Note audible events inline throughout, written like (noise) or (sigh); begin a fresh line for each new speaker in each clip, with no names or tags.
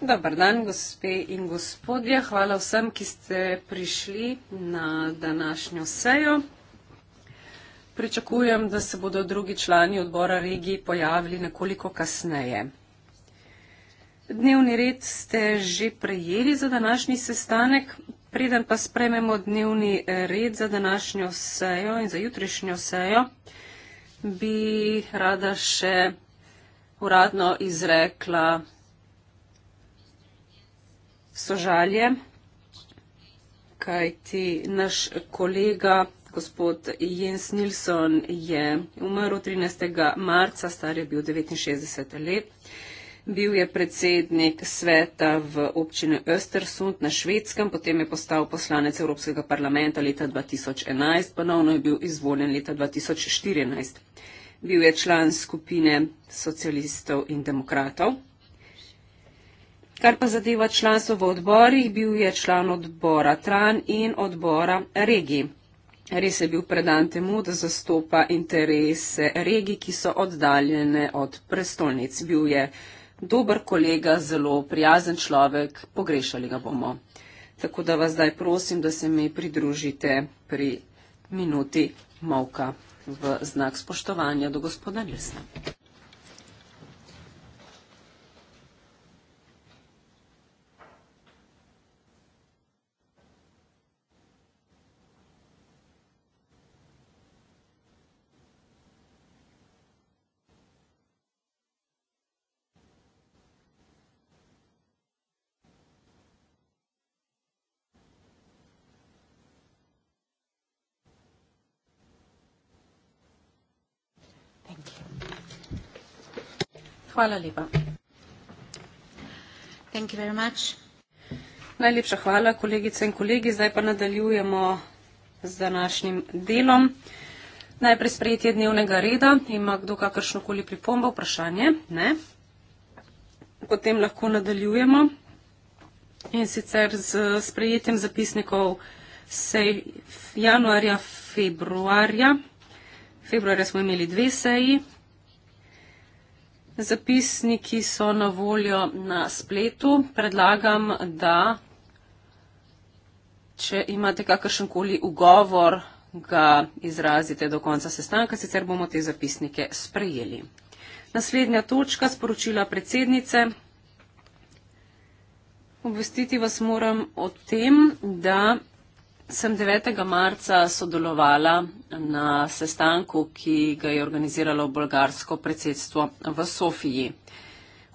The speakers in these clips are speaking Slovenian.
Dobar dan, gospe in gospodje. Hvala vsem, ki ste prišli na današnjo sejo. Pričakujem, da se bodo drugi člani odbora regiji pojavili nekoliko kasneje. Dnevni red ste že prejeli za današnji sestanek. Preden pa sprememo dnevni red za današnjo sejo in za jutrišnjo sejo, bi rada še uradno izrekla sožalje, kajti naš kolega gospod Jens Nilsson je umrl 13. marca, star je bil 69 let. Bil je predsednik sveta v občini Östersund na švedskem, potem je postal poslanec Evropskega parlamenta leta 2011, ponovno je bil izvoljen leta 2014. Bil je član skupine socialistov in demokratov. Kar pa zadeva članstvo v odborih, bil je član odbora Tran in odbora Regi. Res je bil predan temu, da zastopa interese regij, ki so oddaljene od prestolnic. Bil je dober kolega, zelo prijazen človek, pogrešali ga bomo. Tako da vas zdaj prosim, da se mi pridružite pri minuti molka v znak spoštovanja do gospoda Nilsna. Hvala lepa. Thank you very much. Najlepša hvala, kolegice in kolegi. Zdaj pa nadaljujemo z današnjim delom. Najprej sprejetje dnevnega reda. Ima kdo kakršnokoli pripombo, vprašanje? Ne. Potem lahko nadaljujemo in sicer z sprejetjem zapisnikov sej januarja, februarja. Februarja smo imeli dve seji, Zapisniki so na voljo na spletu. Predlagam, da če imate kakršenkoli ugovor, ga izrazite do konca sestanka, sicer bomo te zapisnike sprejeli. Naslednja točka sporočila predsednice. Obvestiti vas moram o tem, da sem 9. marca sodelovala na sestanku, ki ga je organiziralo bolgarsko predsedstvo v Sofiji.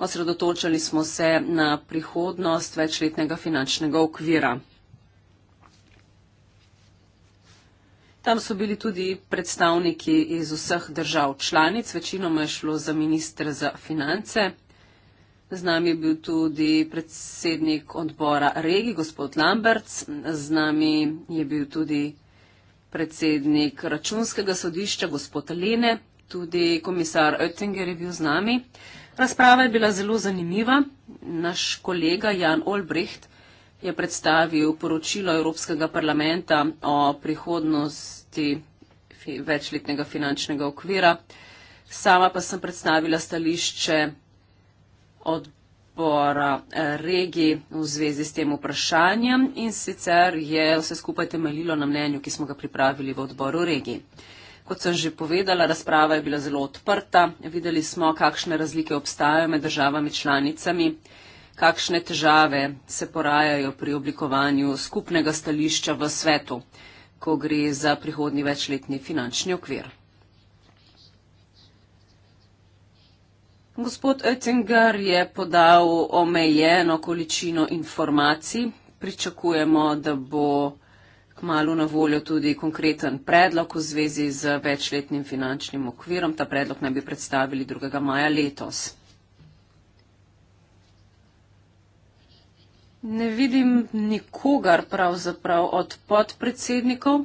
Osredotočili smo se na prihodnost večletnega finančnega okvira. Tam so bili tudi predstavniki iz vseh držav članic, večinoma je šlo za ministr za finance. Z nami je bil tudi predsednik odbora regi, gospod Lamberts. Z nami je bil tudi predsednik računskega sodišča, gospod Lene. Tudi komisar Oettinger je bil z nami. Razprava je bila zelo zanimiva. Naš kolega Jan Olbricht je predstavil poročilo Evropskega parlamenta o prihodnosti večletnega finančnega okvira. Sama pa sem predstavila stališče odbora eh, regij v zvezi s tem vprašanjem in sicer je vse skupaj temeljilo na mnenju, ki smo ga pripravili v odboru regij. Kot sem že povedala, razprava je bila zelo odprta. Videli smo, kakšne razlike obstajajo med državami članicami, kakšne težave se porajajo pri oblikovanju skupnega stališča v svetu, ko gre za prihodni večletni finančni okvir. Gospod Oettinger je podal omejeno količino informacij. Pričakujemo, da bo kmalo na voljo tudi konkreten predlog v zvezi z večletnim finančnim okvirom. Ta predlog naj bi predstavili 2. maja letos. Ne vidim nikogar pravzaprav od podpredsednikov.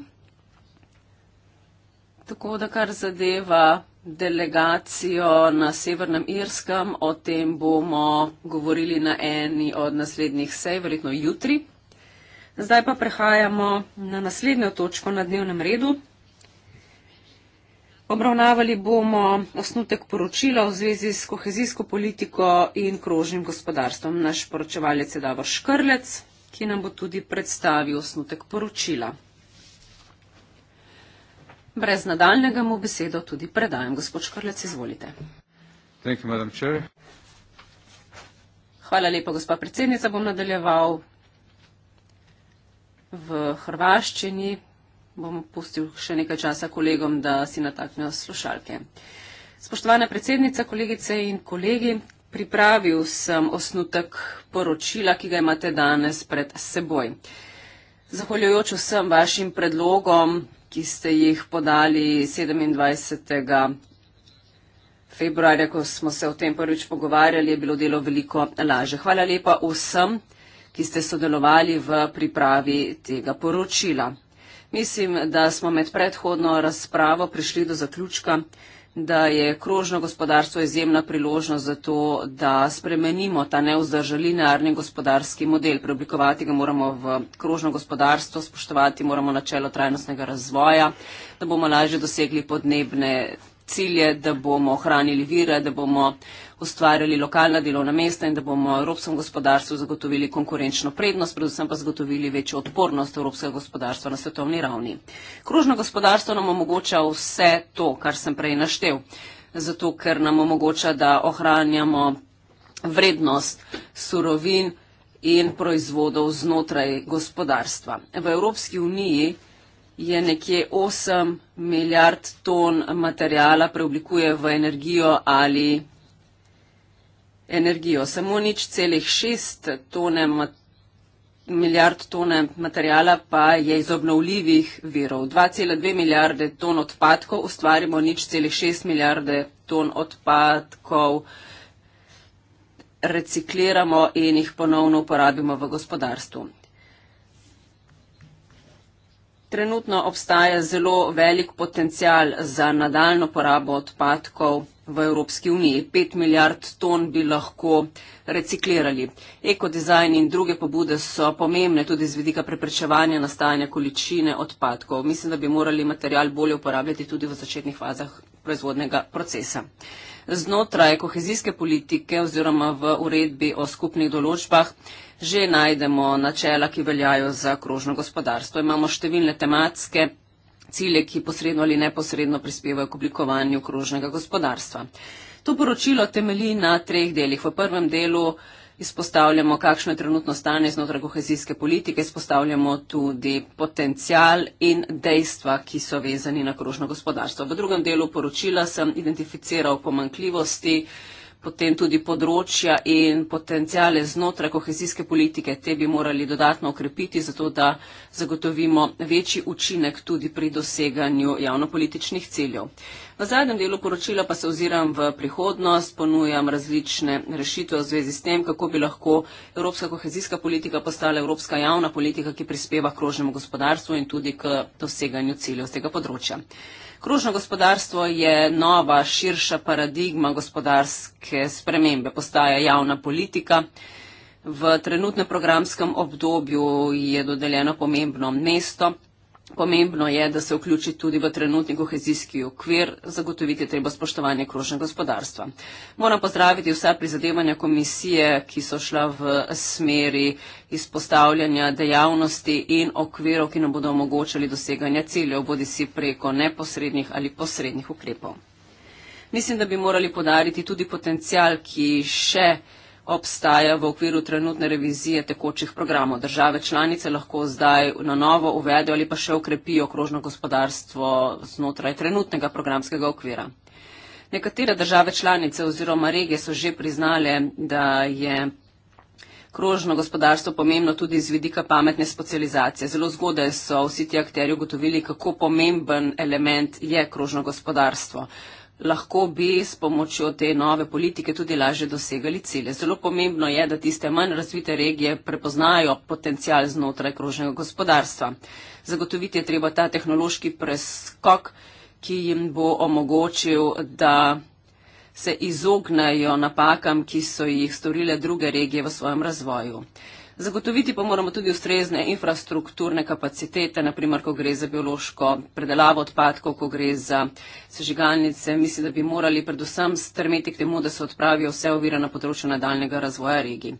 Tako da kar zadeva delegacijo na Severnem Irskem. O tem bomo govorili na eni od naslednjih sej, verjetno jutri. Zdaj pa prehajamo na naslednjo točko na dnevnem redu. Obravnavali bomo osnutek poročila v zvezi s kohezijsko politiko in krožnim gospodarstvom. Naš poročevalec je Davor Škrlec, ki nam bo tudi predstavil osnutek poročila. Brez nadaljnega mu besedo tudi predajam. Gospod Škrlec, izvolite.
Thank you, madam chair.
Hvala lepa, gospa predsednica. Bom nadaljeval v hrvaščini. Bom pustil še nekaj časa kolegom, da si nataknijo slušalke. Spoštovana predsednica, kolegice in kolegi, pripravil sem osnutek poročila, ki ga imate danes pred seboj. Zahvaljujoč vsem vašim predlogom ki ste jih podali 27. februarja, ko smo se o tem prvič pogovarjali, je bilo delo veliko laže. Hvala lepa vsem, ki ste sodelovali v pripravi tega poročila. Mislim, da smo med predhodno razpravo prišli do zaključka, da je krožno gospodarstvo izjemna priložnost za to, da spremenimo ta neuzdržan linearni gospodarski model. Preoblikovati ga moramo v krožno gospodarstvo, spoštovati moramo načelo trajnostnega razvoja, da bomo lažje dosegli podnebne cilje, da bomo ohranili vire, da bomo ustvarjali lokalna delovna mesta in da bomo evropskem gospodarstvu zagotovili konkurenčno prednost, predvsem pa zagotovili večjo odpornost evropskega gospodarstva na svetovni ravni. Kružno gospodarstvo nam omogoča vse to, kar sem prej naštel, zato ker nam omogoča, da ohranjamo vrednost surovin in proizvodov znotraj gospodarstva. V Evropski uniji je nekje 8 milijard ton materijala preoblikuje v energijo ali energijo. Samo nič celih šest tone, milijard tone materijala pa je iz obnovljivih virov. 2,2 milijarde ton odpadkov ustvarimo nič celih šest milijarde ton odpadkov recikliramo in jih ponovno uporabimo v gospodarstvu. Trenutno obstaja zelo velik potencial za nadaljno porabo odpadkov v Evropski uniji. 5 milijard ton bi lahko reciklirali. Ekodizajn in druge pobude so pomembne tudi z vidika preprečevanja nastajanja količine odpadkov. Mislim, da bi morali material bolje uporabljati tudi v začetnih fazah proizvodnega procesa. Znotraj kohezijske politike oziroma v uredbi o skupnih določbah že najdemo načela, ki veljajo za krožno gospodarstvo. Imamo številne tematske cilje, ki posredno ali neposredno prispevajo k oblikovanju krožnega gospodarstva. To poročilo temelji na treh delih. V prvem delu izpostavljamo, kakšno je trenutno stanje znotraj kohezijske politike, izpostavljamo tudi potencial in dejstva, ki so vezani na krožno gospodarstvo. V drugem delu poročila sem identificiral pomankljivosti, potem tudi področja in potencijale znotraj kohezijske politike, te bi morali dodatno okrepiti, zato da zagotovimo večji učinek tudi pri doseganju javnopolitičnih ciljev. V zadnjem delu poročila pa se oziram v prihodnost, ponujam različne rešitve v zvezi s tem, kako bi lahko evropska kohezijska politika postala evropska javna politika, ki prispeva k krožnemu gospodarstvu in tudi k doseganju ciljev z tega področja. Kružno gospodarstvo je nova, širša paradigma gospodarske spremembe, postaja javna politika. V trenutnem programskem obdobju je dodeljeno pomembno mesto, Pomembno je, da se vključi tudi v trenutni kohezijski okvir, zagotoviti treba spoštovanje krožnega gospodarstva. Moram pozdraviti vsa prizadevanja komisije, ki so šla v smeri izpostavljanja dejavnosti in okvirov, ki nam bodo omogočali doseganje ciljev, bodi si preko neposrednih ali posrednih ukrepov. Mislim, da bi morali podariti tudi potencial, ki še obstaja v okviru trenutne revizije tekočih programov. Države članice lahko zdaj na novo uvedejo ali pa še ukrepijo okrožno gospodarstvo znotraj trenutnega programskega okvira. Nekatere države članice oziroma regije so že priznale, da je. Krožno gospodarstvo je pomembno tudi z vidika pametne specializacije. Zelo zgodaj so vsi ti akteri ugotovili, kako pomemben element je krožno gospodarstvo lahko bi s pomočjo te nove politike tudi laže dosegali cilje. Zelo pomembno je, da tiste manj razvite regije prepoznajo potencial znotraj krožnega gospodarstva. Zagotoviti je treba ta tehnološki preskok, ki jim bo omogočil, da se izognajo napakam, ki so jih storile druge regije v svojem razvoju. Zagotoviti pa moramo tudi ustrezne infrastrukturne kapacitete, naprimer, ko gre za biološko predelavo odpadkov, ko gre za sežigalnice. Mislim, da bi morali predvsem strmeti k temu, da se odpravijo vse ovire na področju nadaljnega razvoja regij.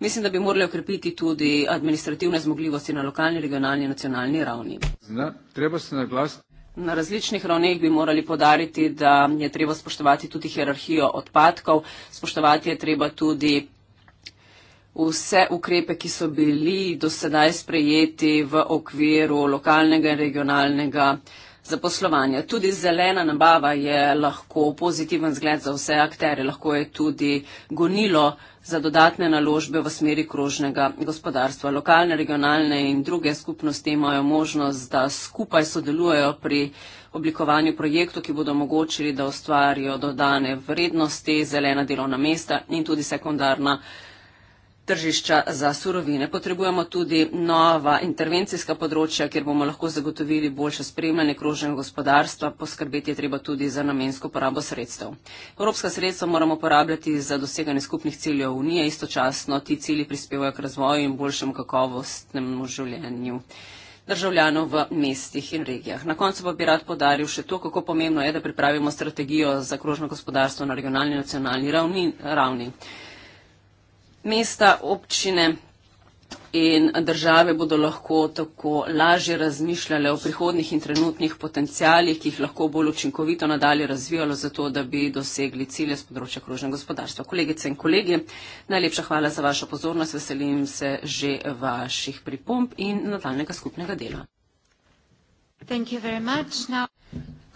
Mislim, da bi morali okrepiti tudi administrativne zmogljivosti na lokalni, regionalni in nacionalni
ravni. Zna,
Na različnih ravneh bi morali podariti, da je treba spoštovati tudi hierarhijo odpadkov, spoštovati je treba tudi vse ukrepe, ki so bili do sedaj sprejeti v okviru lokalnega in regionalnega zaposlovanja. Tudi zelena nabava je lahko pozitiven zgled za vse akterje, lahko je tudi gonilo za dodatne naložbe v smeri krožnega gospodarstva. Lokalne, regionalne in druge skupnosti imajo možnost, da skupaj sodelujejo pri oblikovanju projektov, ki bodo omogočili, da ustvarijo dodane vrednosti, zelena delovna mesta in tudi sekundarna tržišča za surovine. Potrebujemo tudi nova intervencijska področja, kjer bomo lahko zagotovili boljše spremljanje kroženega gospodarstva, poskrbeti je treba tudi za namensko porabo sredstev. Evropska sredstva moramo porabljati za doseganje skupnih ciljev Unije, istočasno ti cilji prispevajo k razvoju in boljšemu kakovostnemu življenju državljanov v mestih in regijah. Na koncu pa bi rad podaril še to, kako pomembno je, da pripravimo strategijo za krožno gospodarstvo na regionalni in nacionalni ravni. ravni. Mesta, občine in države bodo lahko tako lažje razmišljale o prihodnih in trenutnih potencijalih, ki jih lahko bolj učinkovito nadalje razvijalo, zato da bi dosegli cilje z področja krožnega gospodarstva. Kolegice in kolegi, najlepša hvala za vašo pozornost, veselim se že vaših pripomb in nadaljnega skupnega dela.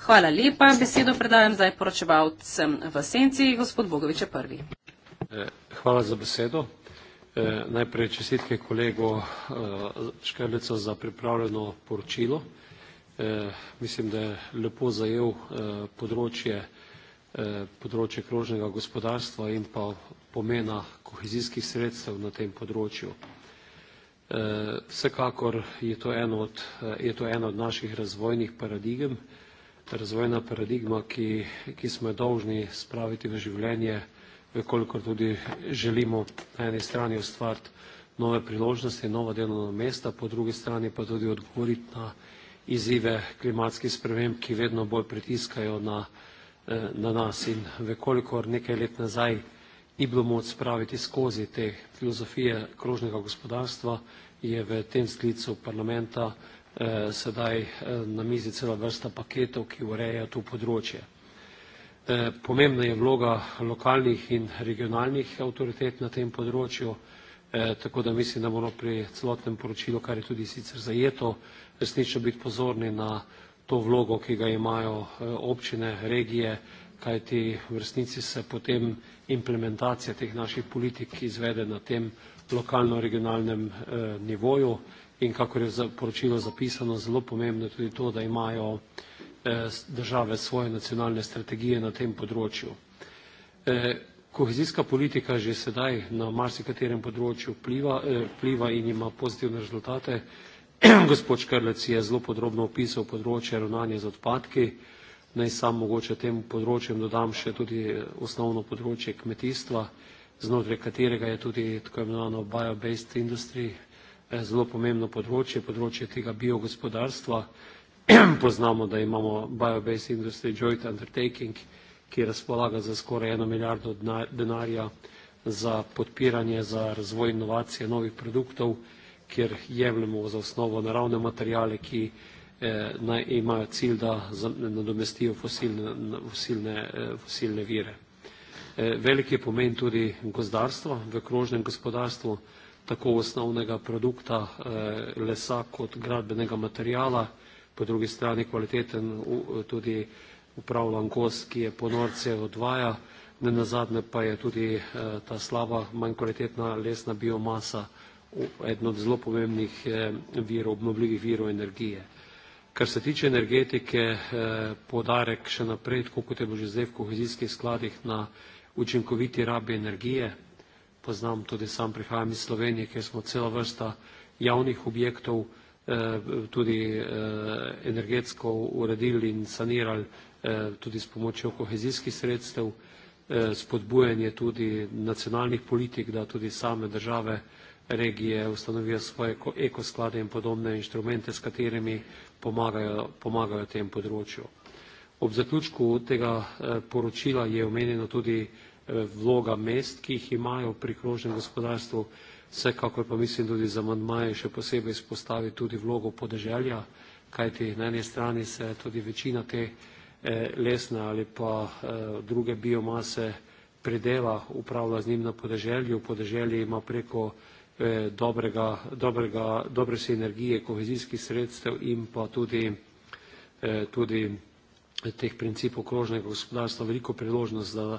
Hvala lepa. Besedo predajam zdaj poročevalcem v senci, gospod Bogovič je prvi.
Eh, hvala za besedo. Eh, najprej čestitke kolegu eh, Škrlecu za pripravljeno poročilo. Mislim, da je lepo zajel področje področje krožnega gospodarstva in pa pomena kohezijskih sredstev na tem področju. Vsekakor je to eno od je to ena od naših razvojnih paradigem, razvojna paradigma, ki ki smo jo dolžni spraviti v življenje kolikor tudi želimo na eni strani ustvariti nove priložnosti, nova delovna mesta, po drugi strani pa tudi odgovoriti na izzive klimatskih sprememb, ki vedno bolj pritiskajo na, eh, na nas. In vekolikor nekaj let nazaj ni bilo moč spraviti skozi te filozofije krožnega gospodarstva, je v tem sklicu parlamenta eh, sedaj eh, na mizi cela vrsta paketov, ki ureja to področje. Eh, pomembna je vloga lokalnih in regionalnih avtoritet na tem področju, eh, tako da mislim, da moramo pri celotnem poročilu, kar je tudi sicer zajeto, resnično biti pozorni na to vlogo, ki ga imajo eh, občine, regije, kajti v resnici se potem implementacija teh naših politik izvede na tem lokalno-regionalnem nivoju in kakor je poročilo zapisano, zelo pomembno je tudi to, da imajo Eh, države svoje nacionalne strategije na tem področju. Eh, kohezijska politika že sedaj na marsikaterem področju vpliva eh, in ima pozitivne rezultate. (clears throat) Gospod Škrlec je zelo podrobno opisal področje ravnanja z odpadki. Naj sam mogoče tem področjem dodam še tudi osnovno področje kmetijstva, znotraj katerega je tudi tako imenovano bio-based industry, zelo pomembno področje, področje tega biogospodarstva, (clears throat) poznamo, da imamo Biobase Industry Joint Undertaking, ki razpolaga za skoraj eno milijardo denarja za podpiranje, za razvoj inovacije novih produktov, kjer jemljemo za osnovo naravne materijale, ki eh, naj, imajo cilj, da nadomestijo fosilne, fosilne, eh, fosilne vire. Eh, velik je pomen tudi gozdarstva v krožnem gospodarstvu, tako osnovnega produkta eh, lesa kot gradbenega materijala, po drugi strani kvaliteten tudi upravljan kos, ki je ponorce odvaja, ne nazadne pa je tudi eh, ta slaba, manj kvalitetna lesna biomasa eden od zelo pomembnih eh, virov, obnovljivih virov energije. Kar se tiče energetike, eh, podarek še naprej, tako kot je bo že zdaj v kohezijskih skladih na učinkoviti rabi energije, poznam tudi sam prihajam iz Slovenije, kjer smo cela vrsta javnih objektov vsega, Eh, tudi eh, energetsko uredili in sanirali eh, tudi s pomočjo kohezijskih sredstev, spodbujanje tudi nacionalnih politik, da tudi same države regije ustanovijo svoje ekosklade in podobne inštrumente, s katerimi pomagajo, pomagajo tem področju. Ob zaključku tega poročila je omenjena tudi vloga mest, ki jih imajo pri krožnem gospodarstvu, Vsekakor pa mislim tudi za amantmaje še posebej spostavi tudi vlogo podeželja, kajti na eni strani se tudi večina te eh, lesne ali pa eh, druge biomase predela, upravlja z njim na podeželju. Podeželje ima preko eh, dobrega, dobrega, dobre sinergije kohezijskih sredstev in pa tudi, tudi teh principov krožnega gospodarstva veliko priložnost za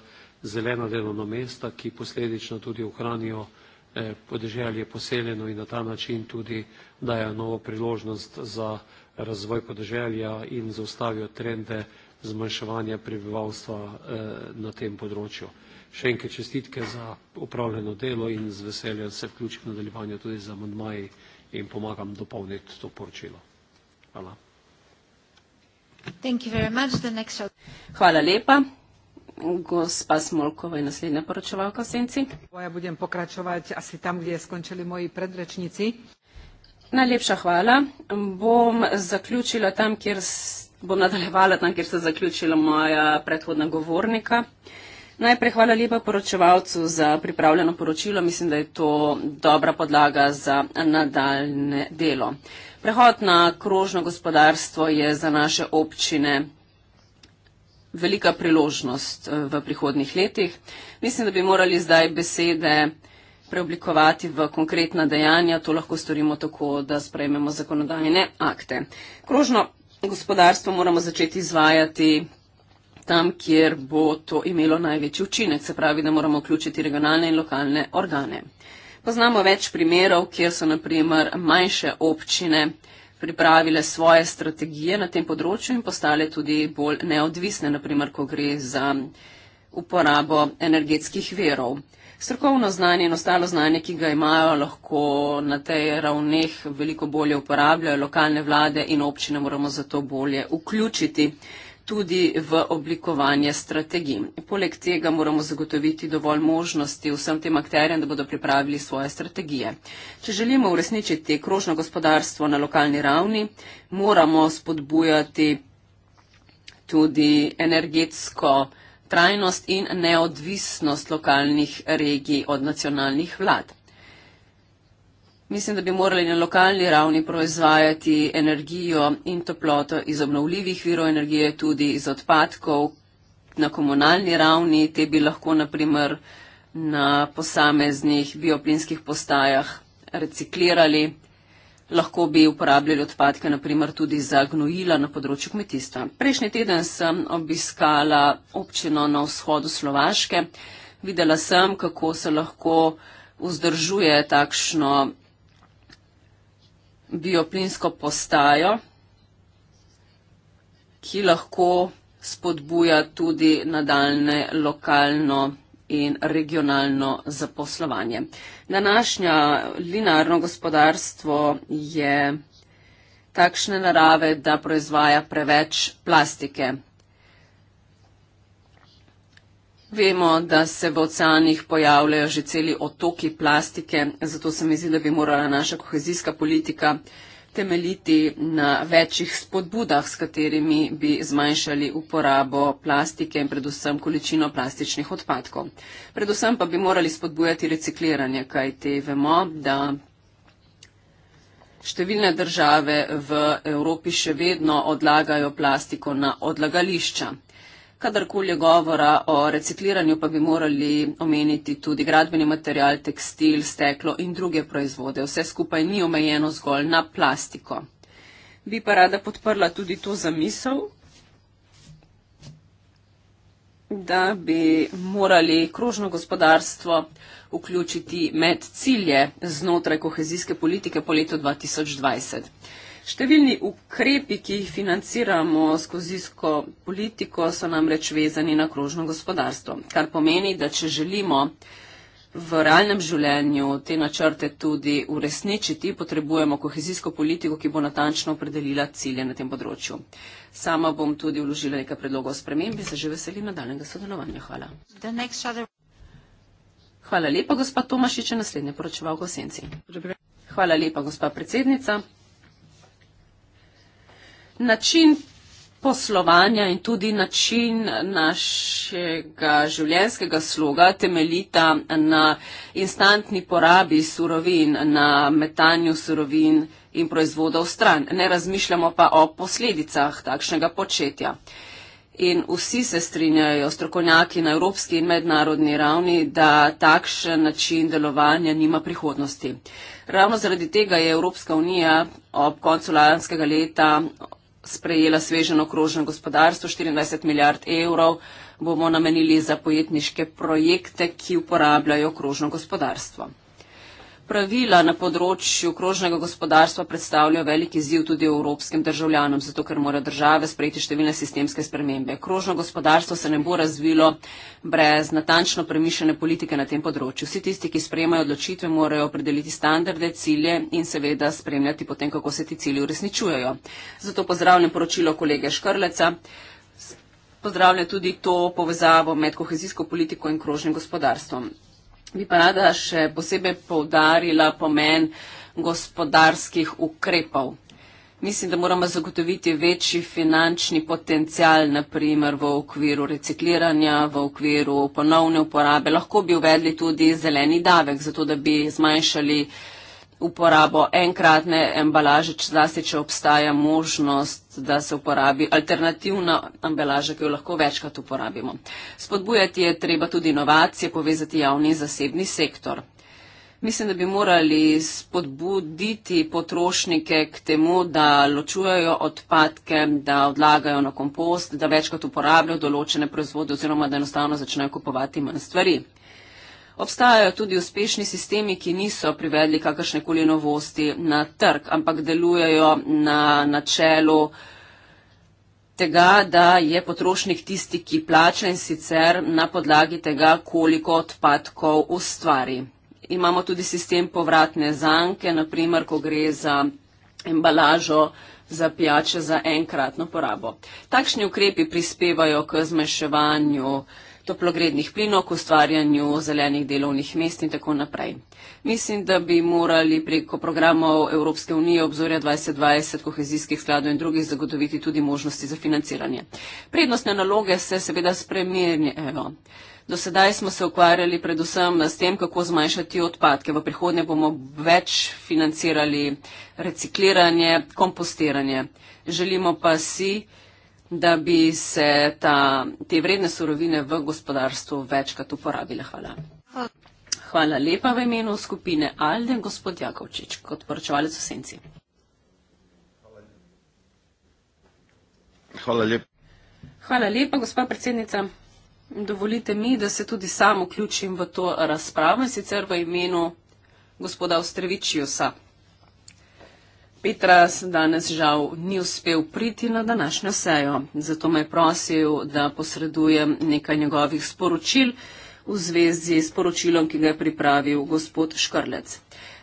zelena delovna mesta, ki posledično tudi ohranijo Eh, podeželje poseljeno in na ta način tudi dajo novo priložnost za razvoj podeželja in zaustavijo trende zmanjševanja prebivalstva eh, na tem področju. Še enke čestitke za upravljeno delo in z veseljem se vključim na delivanje tudi za mandmaji in pomagam dopolniti to poročilo. Hvala.
Hvala lepa. Gospa Smolkova je naslednja poročevalka v senci. Ja budem pokračovati asi tam, kjer skončili moji predrečnici. Najlepša hvala. Bom zaključila tam, kjer bom nadaljevala tam, kjer se zaključila moja predhodna govornika. Najprej hvala lepa poročevalcu za pripravljeno poročilo. Mislim, da je to dobra podlaga za nadaljne delo. Prehod na krožno gospodarstvo je za naše občine velika priložnost eh, v prihodnih letih. Mislim, da bi morali zdaj besede preoblikovati v konkretna dejanja. To lahko storimo tako, da sprejmemo zakonodajne akte. Krožno gospodarstvo moramo začeti izvajati tam, kjer bo to imelo največji učinek, se pravi, da moramo vključiti regionalne in lokalne organe. Poznamo več primerov, kjer so naprimer manjše občine, pripravile svoje strategije na tem področju in postale tudi bolj neodvisne, naprimer, ko gre za uporabo energetskih verov. Strokovno znanje in ostalo znanje, ki ga imajo, lahko na tej ravneh veliko bolje uporabljajo lokalne vlade in občine moramo zato bolje vključiti tudi v oblikovanje strategij. Poleg tega moramo zagotoviti dovolj možnosti vsem tem akterjem, da bodo pripravili svoje strategije. Če želimo uresničiti krožno gospodarstvo na lokalni ravni, moramo spodbujati tudi energetsko trajnost in neodvisnost lokalnih regij od nacionalnih vlad. Mislim, da bi morali na lokalni ravni proizvajati energijo in toploto iz obnovljivih virov energije, tudi iz odpadkov. Na komunalni ravni te bi lahko naprimer na posameznih bioplinskih postajah reciklirali, lahko bi uporabljali odpadke naprimer tudi za gnojila na področju kmetijstva. Prejšnji teden sem obiskala občino na vzhodu Slovaške, videla sem, kako se lahko vzdržuje takšno bioplinsko postajo, ki lahko spodbuja tudi nadaljne lokalno in regionalno zaposlovanje. Današnja linarno gospodarstvo je takšne narave, da proizvaja preveč plastike. Vemo, da se v oceanih pojavljajo že celi otoki plastike, zato se mi zdi, da bi morala naša kohezijska politika temeljiti na večjih spodbudah, s katerimi bi zmanjšali uporabo plastike in predvsem količino plastičnih odpadkov. Predvsem pa bi morali spodbujati recikliranje, kaj te vemo, da številne države v Evropi še vedno odlagajo plastiko na odlagališča kadarkoli je govora o recikliranju, pa bi morali omeniti tudi gradbeni material, tekstil, steklo in druge proizvode. Vse skupaj ni omejeno zgolj na plastiko. Bi pa rada podprla tudi to zamisel, da bi morali krožno gospodarstvo vključiti med cilje znotraj kohezijske politike po letu 2020. Številni ukrepi, ki jih financiramo skozi sko politiko, so namreč vezani na krožno gospodarstvo, kar pomeni, da če želimo v realnem življenju te načrte tudi uresničiti, potrebujemo kohezijsko politiko, ki bo natančno opredelila cilje na tem področju. Sama bom tudi vložila nekaj predlogov sprememb in se že veselim nadaljnega sodelovanja. Hvala. Hvala lepa, gospa Tomašič, naslednje poročevalko v Senci. Hvala lepa, gospa predsednica način poslovanja in tudi način našega življenjskega sloga temeljita na instantni porabi surovin, na metanju surovin in proizvodov stran. Ne razmišljamo pa o posledicah takšnega početja. In vsi se strinjajo, strokovnjaki na evropski in mednarodni ravni, da takšen način delovanja nima prihodnosti. Ravno zaradi tega je Evropska unija ob koncu lanskega leta sprejela sveženo okrožno gospodarstvo, 24 milijard evrov bomo namenili za pojetniške projekte, ki uporabljajo okrožno gospodarstvo pravila na področju okrožnega gospodarstva predstavljajo veliki ziv tudi evropskim državljanom, zato ker morajo države sprejeti številne sistemske spremembe. Okrožno gospodarstvo se ne bo razvilo brez natančno premišljene politike na tem področju. Vsi tisti, ki sprejemajo odločitve, morajo opredeliti standarde, cilje in seveda spremljati potem, kako se ti cilji uresničujejo. Zato pozdravljam poročilo kolege Škrleca. Pozdravljam tudi to povezavo med kohezijsko politiko in krožnim gospodarstvom. Bi pa rada še posebej poudarila pomen gospodarskih ukrepov. Mislim, da moramo zagotoviti večji finančni potencial, naprimer v okviru recikliranja, v okviru ponovne uporabe. Lahko bi uvedli tudi zeleni davek, zato da bi zmanjšali uh, uporabo enkratne embalaže, če zlasti, če obstaja možnost, da se uporabi alternativna embalaža, ki jo lahko večkrat uporabimo. Spodbujati je treba tudi inovacije, povezati javni in zasebni sektor. Mislim, da bi morali spodbuditi potrošnike k temu, da ločujejo odpadke, da odlagajo na kompost, da večkrat uporabljajo določene proizvode oziroma da enostavno začnejo kupovati manj stvari. Obstajajo tudi uspešni sistemi, ki niso privedli kakršne koli novosti na trg, ampak delujejo na načelu tega, da je potrošnik tisti, ki plača in sicer na podlagi tega, koliko odpadkov ustvari. Imamo tudi sistem povratne zanke, naprimer, ko gre za embalažo za pijače za enkratno porabo. Takšni ukrepi prispevajo k zmeševanju toplogrednih plinov, k ustvarjanju zelenih delovnih mest in tako naprej. Mislim, da bi morali preko programov Evropske unije obzorja 2020, kohezijskih skladov in drugih zagotoviti tudi možnosti za financiranje. Prednostne naloge se seveda spremenjajo. Do sedaj smo se ukvarjali predvsem s tem, kako zmanjšati odpadke. V prihodnje bomo več financirali recikliranje, kompostiranje. Želimo pa si, da bi se ta, te vredne surovine v gospodarstvu večkrat uporabile. Hvala. Hvala lepa v imenu skupine Alden, gospod Jakovčič, kot poročevalec v Senci. Hvala lepa. Hvala lepa, gospa predsednica. Dovolite mi, da se tudi sam vključim v to razpravo in sicer v imenu gospoda Ostrevičiusa. Petras danes žal ni uspel priti na današnjo sejo, zato me je prosil, da posredujem nekaj njegovih sporočil v zvezi s poročilom, ki ga je pripravil gospod Škrlec.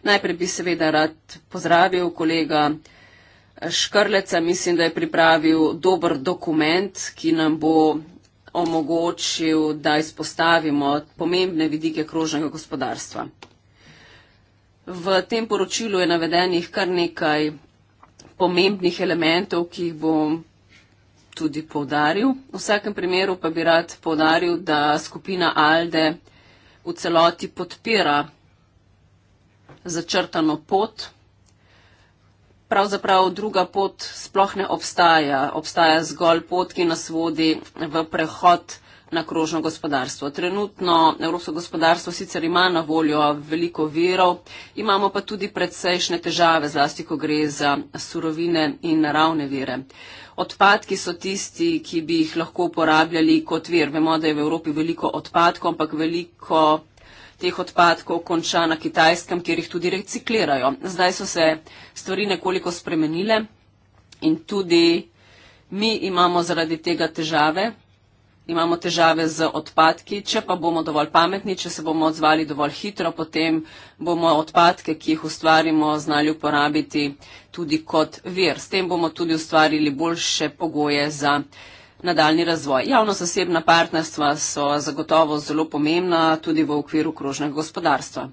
Najprej bi seveda rad pozdravil kolega eh, Škrleca, mislim, da je pripravil dober dokument, ki nam bo omogočil, da izpostavimo pomembne vidike krožnega gospodarstva. V tem poročilu je navedenih kar nekaj pomembnih elementov, ki jih bom tudi povdaril. V vsakem primeru pa bi rad povdaril, da skupina Alde v celoti podpira začrtano pot. Pravzaprav druga pot sploh ne obstaja. Obstaja zgolj pot, ki nas vodi v prehod na krožno gospodarstvo. Trenutno evropsko gospodarstvo sicer ima na voljo veliko virov, imamo pa tudi predsejšne težave, zlasti ko gre za surovine in naravne vire. Odpadki so tisti, ki bi jih lahko uporabljali kot vir. Vemo, da je v Evropi veliko odpadkov, ampak veliko teh odpadkov konča na kitajskem, kjer jih tudi reciklirajo. Zdaj so se stvari nekoliko spremenile in tudi mi imamo zaradi tega težave, imamo težave z odpadki, če pa bomo dovolj pametni, če se bomo odzvali dovolj hitro, potem bomo odpadke, ki jih ustvarimo, znali uporabiti tudi kot vir. S tem bomo tudi ustvarili boljše pogoje za nadaljni razvoj. Javno-zasebna partnerstva so zagotovo zelo pomembna tudi v okviru krožnega gospodarstva.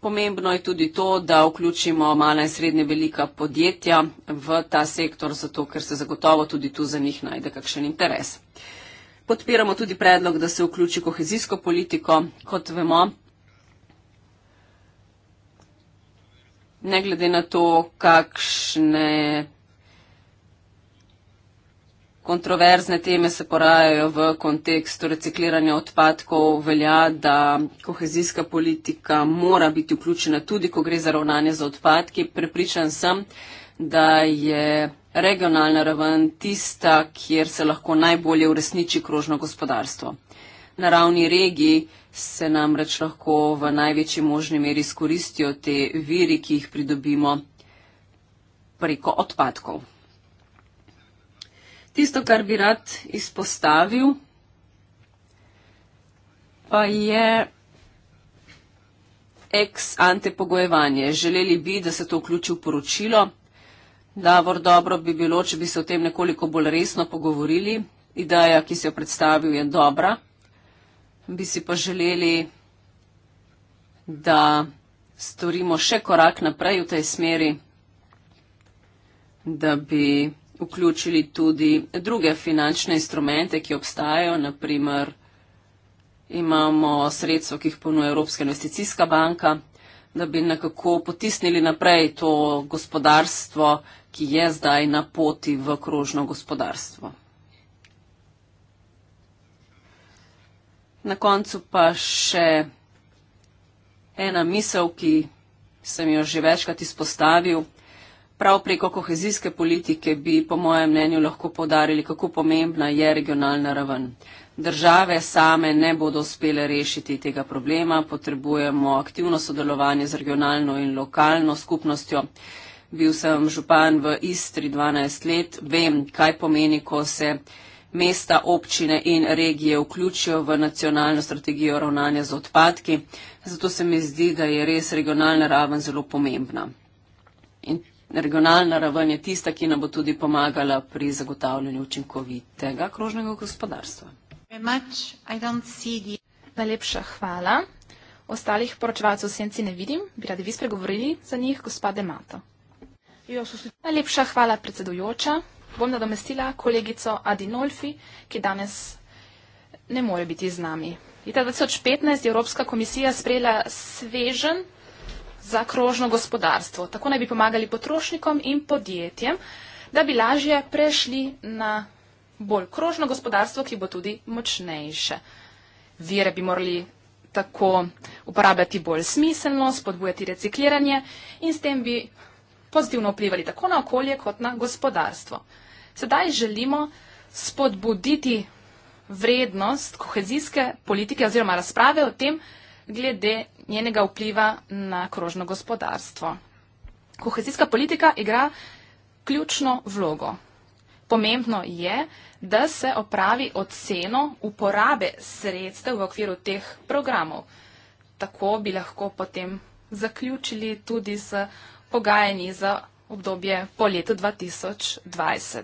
Pomembno je tudi to, da vključimo mala in srednje velika podjetja v ta sektor, zato ker se zagotovo tudi tu za njih najde kakšen interes. Podpiramo tudi predlog, da se vključi kohezijsko politiko, kot vemo. Ne glede na to, kakšne kontroverzne teme se porajajo v kontekstu recikliranja odpadkov, velja, da kohezijska politika mora biti vključena tudi, ko gre za ravnanje z odpadki. Prepričan sem, da je regionalna raven tista, kjer se lahko najbolje uresniči krožno gospodarstvo. Na ravni regiji se namreč lahko v največji možni meri skoristijo te viri, ki jih pridobimo preko odpadkov. Tisto, kar bi rad izpostavil, pa je ex ante pogojevanje. Želeli bi, da se to vključi v poročilo. Davor, dobro bi bilo, če bi se o tem nekoliko bolj resno pogovorili. Ideja, ki si jo predstavil, je dobra. Bi si pa želeli, da storimo še korak naprej v tej smeri, da bi vključili tudi druge finančne instrumente, ki obstajajo. Naprimer, imamo sredstvo, ki jih ponuja Evropska investicijska banka, da bi nekako potisnili naprej to gospodarstvo, ki je zdaj na poti v krožno gospodarstvo. Na koncu pa še ena misel, ki sem jo že večkrat izpostavil. Prav preko kohezijske politike bi, po mojem mnenju, lahko podarili, kako pomembna je regionalna raven. Države same ne bodo uspele rešiti tega problema, potrebujemo aktivno sodelovanje z regionalno in lokalno skupnostjo. Bil sem župan v Istri 12 let, vem, kaj pomeni, ko se mesta, občine in regije vključijo v nacionalno strategijo ravnanja z odpadki. Zato se mi zdi, da je res regionalna raven zelo pomembna. In regionalna raven je tista, ki nam bo tudi pomagala pri zagotavljanju učinkovitega krožnega gospodarstva.
Najlepša hvala. Ostalih poročevalcev v senci ne vidim. Bi radi vi spregovorili za njih, gospod Demato. Najlepša hvala, predsedujoča. Bom nadomestila kolegico Adinolfi, ki danes ne more biti z nami. Leta 2015 je Evropska komisija sprejela svežen za krožno gospodarstvo. Tako naj bi pomagali potrošnikom in podjetjem, da bi lažje prešli na bolj krožno gospodarstvo, ki bo tudi močnejše. Vire bi morali tako uporabljati bolj smiselno, spodbujati recikliranje in s tem bi pozitivno vplivali tako na okolje kot na gospodarstvo. Sedaj želimo spodbuditi vrednost kohezijske politike oziroma razprave o tem, glede njenega vpliva na krožno gospodarstvo. Kohezijska politika igra ključno vlogo. Pomembno je, da se opravi oceno uporabe sredstev v okviru teh programov. Tako bi lahko potem zaključili tudi s pogajanji za obdobje po letu 2020.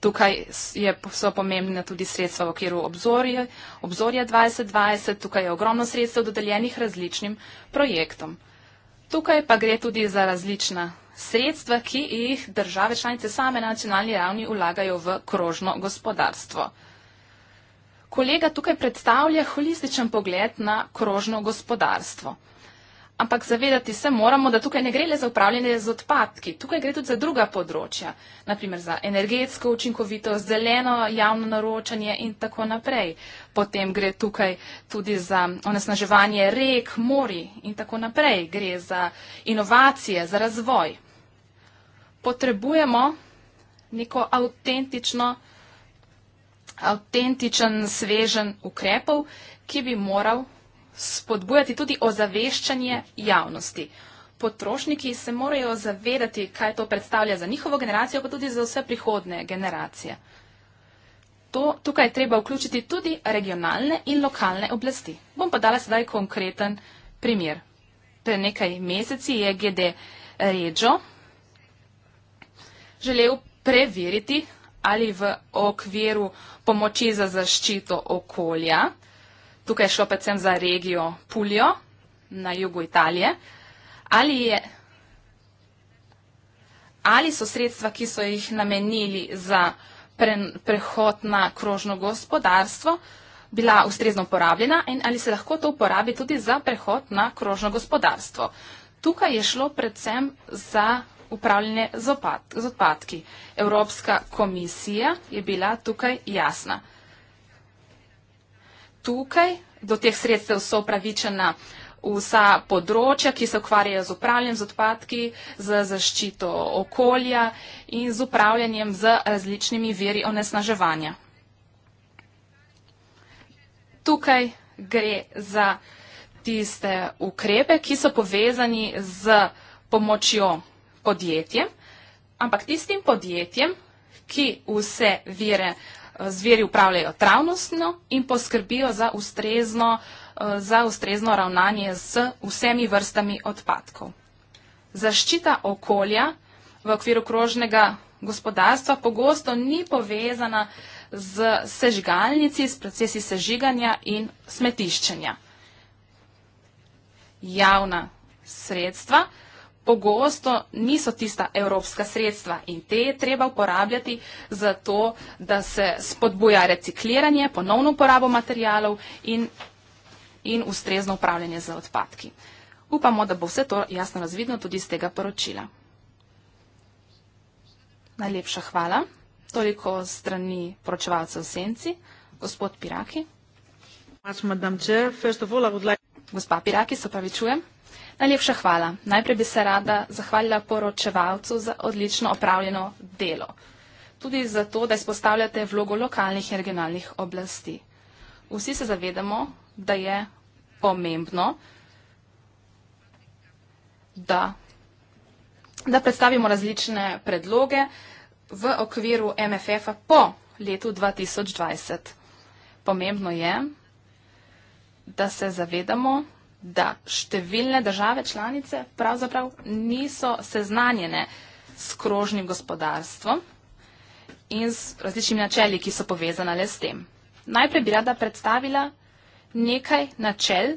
Tukaj je, so pomembne tudi sredstva v okviru obzorje, obzorja 2020, tukaj je ogromno sredstev dodeljenih različnim projektom. Tukaj pa gre tudi za različna sredstva, ki jih države članice same na nacionalni ravni ulagajo v krožno gospodarstvo. Kolega tukaj predstavlja holističen pogled na krožno gospodarstvo ampak zavedati se moramo, da tukaj ne gre le za upravljanje z odpadki, tukaj gre tudi za druga področja, naprimer za energetsko učinkovitost, zeleno javno naročanje in tako naprej. Potem gre tukaj tudi za onesnaževanje rek, mori in tako naprej. Gre za inovacije, za razvoj. Potrebujemo neko avtentično, avtentičen, svežen ukrepov, ki bi moral spodbujati tudi ozaveščanje javnosti. Potrošniki se morajo zavedati, kaj to predstavlja za njihovo generacijo, pa tudi za vse prihodne generacije. To, tukaj je treba vključiti tudi regionalne in lokalne oblasti. Bom pa dala sedaj konkreten primer. Pre nekaj meseci je GD Ređo želel preveriti, ali v okviru pomoči za zaščito okolja Tukaj je šlo predvsem za regijo Puljo na jugu Italije. Ali, je, ali so sredstva, ki so jih namenili za pre, prehod na krožno gospodarstvo, bila ustrezno uporabljena in ali se lahko to uporabi tudi za prehod na krožno gospodarstvo. Tukaj je šlo predvsem za upravljanje z, opad, z odpadki. Evropska komisija je bila tukaj jasna tukaj, do teh sredstev so pravičena vsa področja, ki se ukvarjajo z upravljanjem z odpadki, z zaščito okolja in z upravljanjem z različnimi veri onesnaževanja. Tukaj gre za tiste ukrepe, ki so povezani z pomočjo podjetjem, ampak tistim podjetjem, ki vse vire zveri upravljajo travnostno in poskrbijo za ustrezno, eh, za ustrezno ravnanje z vsemi vrstami odpadkov. Zaščita okolja v okviru krožnega gospodarstva pogosto ni povezana z sežgalnici, s procesi sežiganja in smetiščenja. Javna sredstva pogosto niso tista evropska sredstva in te je treba uporabljati za to, da se spodbuja recikliranje, ponovno uporabo materijalov in, in ustrezno upravljanje za odpadki. Upamo, da bo vse to jasno razvidno tudi iz tega poročila. Najlepša hvala. Toliko strani poročevalce v senci. Gospod Piraki. Gospa Piraki, se pravi čujem. Najlepša hvala. Najprej bi se rada zahvalila poročevalcu za odlično opravljeno delo. Tudi zato, da izpostavljate vlogo lokalnih in regionalnih oblasti. Vsi se zavedamo, da je pomembno, da, da predstavimo različne predloge v okviru MFF-a po letu 2020. Pomembno je, da se zavedamo, da številne države članice pravzaprav niso seznanjene s krožnim gospodarstvom in z različnimi načeli, ki so povezane le s tem. Najprej bi rada predstavila nekaj načel,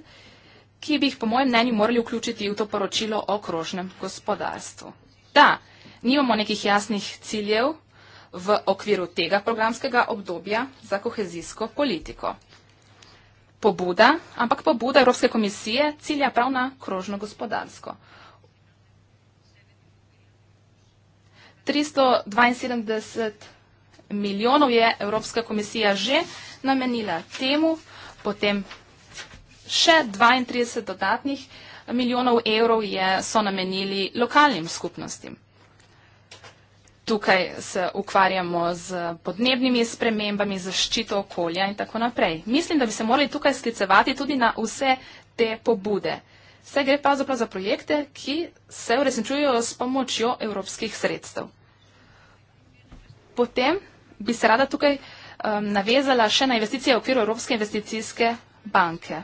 ki bi jih po mojem mnenju morali vključiti v to poročilo o krožnem gospodarstvu. Da, nimamo nekih jasnih ciljev v okviru tega programskega obdobja za kohezijsko politiko pobuda, ampak pobuda Evropske komisije cilja prav na krožno gospodarsko. 372 milijonov je Evropska komisija že namenila temu, potem še 32 dodatnih milijonov evrov je, so namenili lokalnim skupnostim tukaj se ukvarjamo z podnebnimi spremembami, zaščito okolja in tako naprej. Mislim, da bi se morali tukaj sklicevati tudi na vse te pobude. Vse gre pa zapravo za projekte, ki se uresničujejo s pomočjo evropskih sredstev. Potem bi se rada tukaj um, navezala še na investicije v okviru Evropske investicijske banke.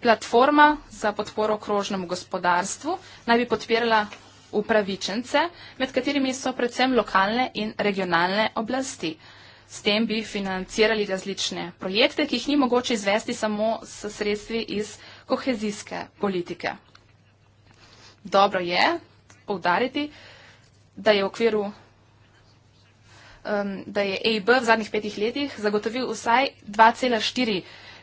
Platforma za podporo okrožnemu gospodarstvu naj bi podpirala upravičence, med katerimi so predvsem lokalne in regionalne oblasti. S tem bi financirali različne projekte, ki jih ni mogoče izvesti samo s sredstvi iz kohezijske politike. Dobro je povdariti, da je v okviru um, da je EIB v zadnjih petih letih zagotovil vsaj 2,4